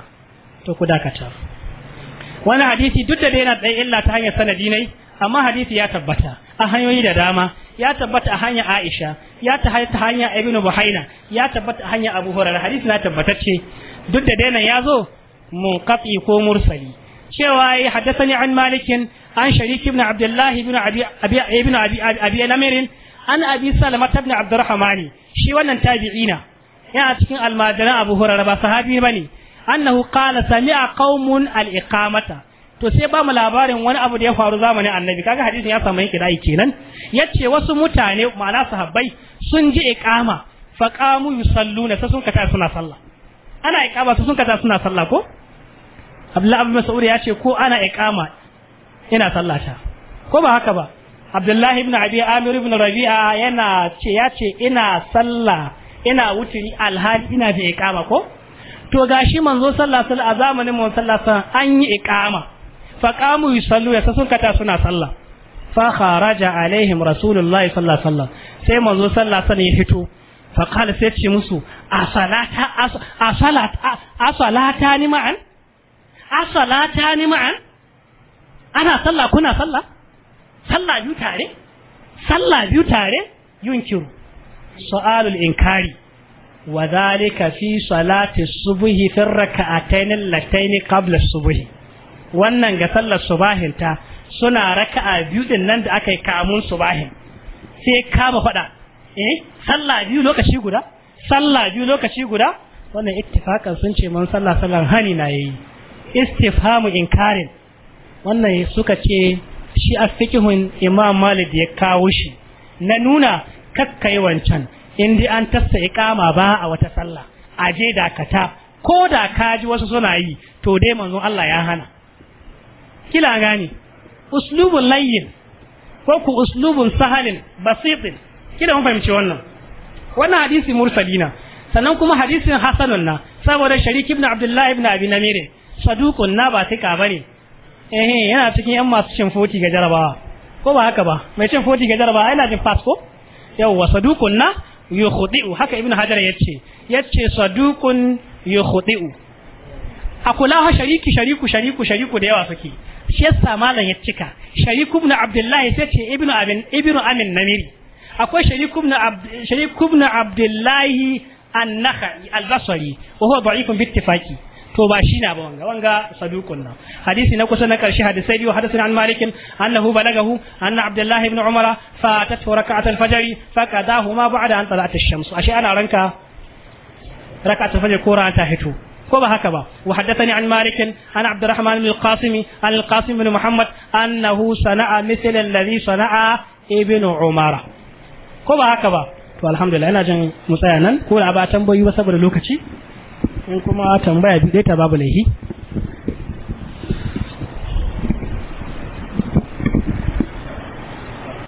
[SPEAKER 1] to ku dakata wani hadisi duk da yana da illa ta hanyar sanadi ne amma hadisi ya tabbata a hanyoyi da dama ya tabbata a hanya Aisha ya ta hanya Ibn Buhaina ya tabbata a hanya Abu Hurairah hadisi na tabbatacce duk da dai ya zo munqati ko mursali cewa ya haddathani an malikin an sharik ibn abdullah ibn abi ibn abi abi al an abi salama ibn abdurrahmani shi wannan tabi'ina yana cikin almajiran Abu Hurairah ba sahabi bane annahu qala sami'a qaumun al-iqamata to sai ba mu labarin wani abu da ya faru zamanin annabi kaga hadisin ya samu yake dai kenan yace wasu mutane ma'ana sahabbai sun ji iqama fa qamu yusalluna sai sun kata suna sallah ana iqama sai sun kata suna sallah ko Abdullahi ibn Mas'ud ya ce ko ana iqama ina sallata ko ba haka ba Abdullahi ibn Abi Amir ibn Rabi'a yana ce ya ce ina sallah ina wuturi alhali ina da iqama ko to gashi manzo sallallahu alaihi wasallam a zamanin manzo sallallahu alaihi wasallam an yi iqama faqamu yusallu ya sun kata suna sallah fa kharaja alaihim rasulullahi sallallahu alaihi wasallam sai manzo sallah sani ya fito fa qala sai ce musu asalata asalata asalata ni ma'an asalata ni ma'an ana sallah kuna sallah sallah biyu tare sallah biyu tare yunkiru su'alul inkari وذلك في صلاة الصبح في الركعتين اللتين قبل الصبح wannan ga sallar subahin ta suna raka'a biyu din nan da aka yi kamun subahin sai kama faɗa eh sallah biyu lokaci guda sallah biyu lokaci guda wannan ittifakan sun ce man sallah sallan hani na yayi istifhamu inkarin wannan suka ce shi a fikihun imam malik ya kawo shi na nuna kakkai wancan in dai an tassa iqama ba a wata sallah aje dakata ko da kaji wasu suna yi to dai manzon Allah ya hana kila gani uslubun layyin ko ku uslubun sahalin basitin kila mun fahimci wannan wannan hadisi mursalina sannan kuma hadisin hasanun na saboda shariki ibn abdullahi ibn abi namire saduqun na ba tika bane eh yana cikin yan masu cin foti ga jarabawa ko ba haka ba mai cin foti ga jarabawa yana jin pasko ko yawwa saduqun na yukhdi'u haka ibn hajar yace yace saduqun yukhdi'u a kula ha shariki shariku shariku shariku da yawa suke shi yasa malam ya cika shariku ibn abdullahi sai ce Ibn abin ibnu amin namiri akwai shariku ibn shariku ibn abdullahi an-nakhai al-basri wa huwa da'ifun bi ittifaqi to ba shi na ba wanga wanga sadukun nan hadisi na kusa na karshe hadisai biyu hadisin an malikin annahu balagahu anna abdullah ibn Umar fatatuhu rak'at al-fajr fa qadahuma ba'da an talat ash-shams ashe ana ranka rak'at al-fajr ko ran ta hito ko ba haka ba wa haddathani an malik an abdurrahman bin qasim an qasim bin muhammad annahu sana'a mithl alladhi sana'a ibn umar ko ba haka ba to alhamdulillah ina jin mu tsaya nan ko da ba tambayi ba saboda lokaci in kuma tambaya bi ta babu laihi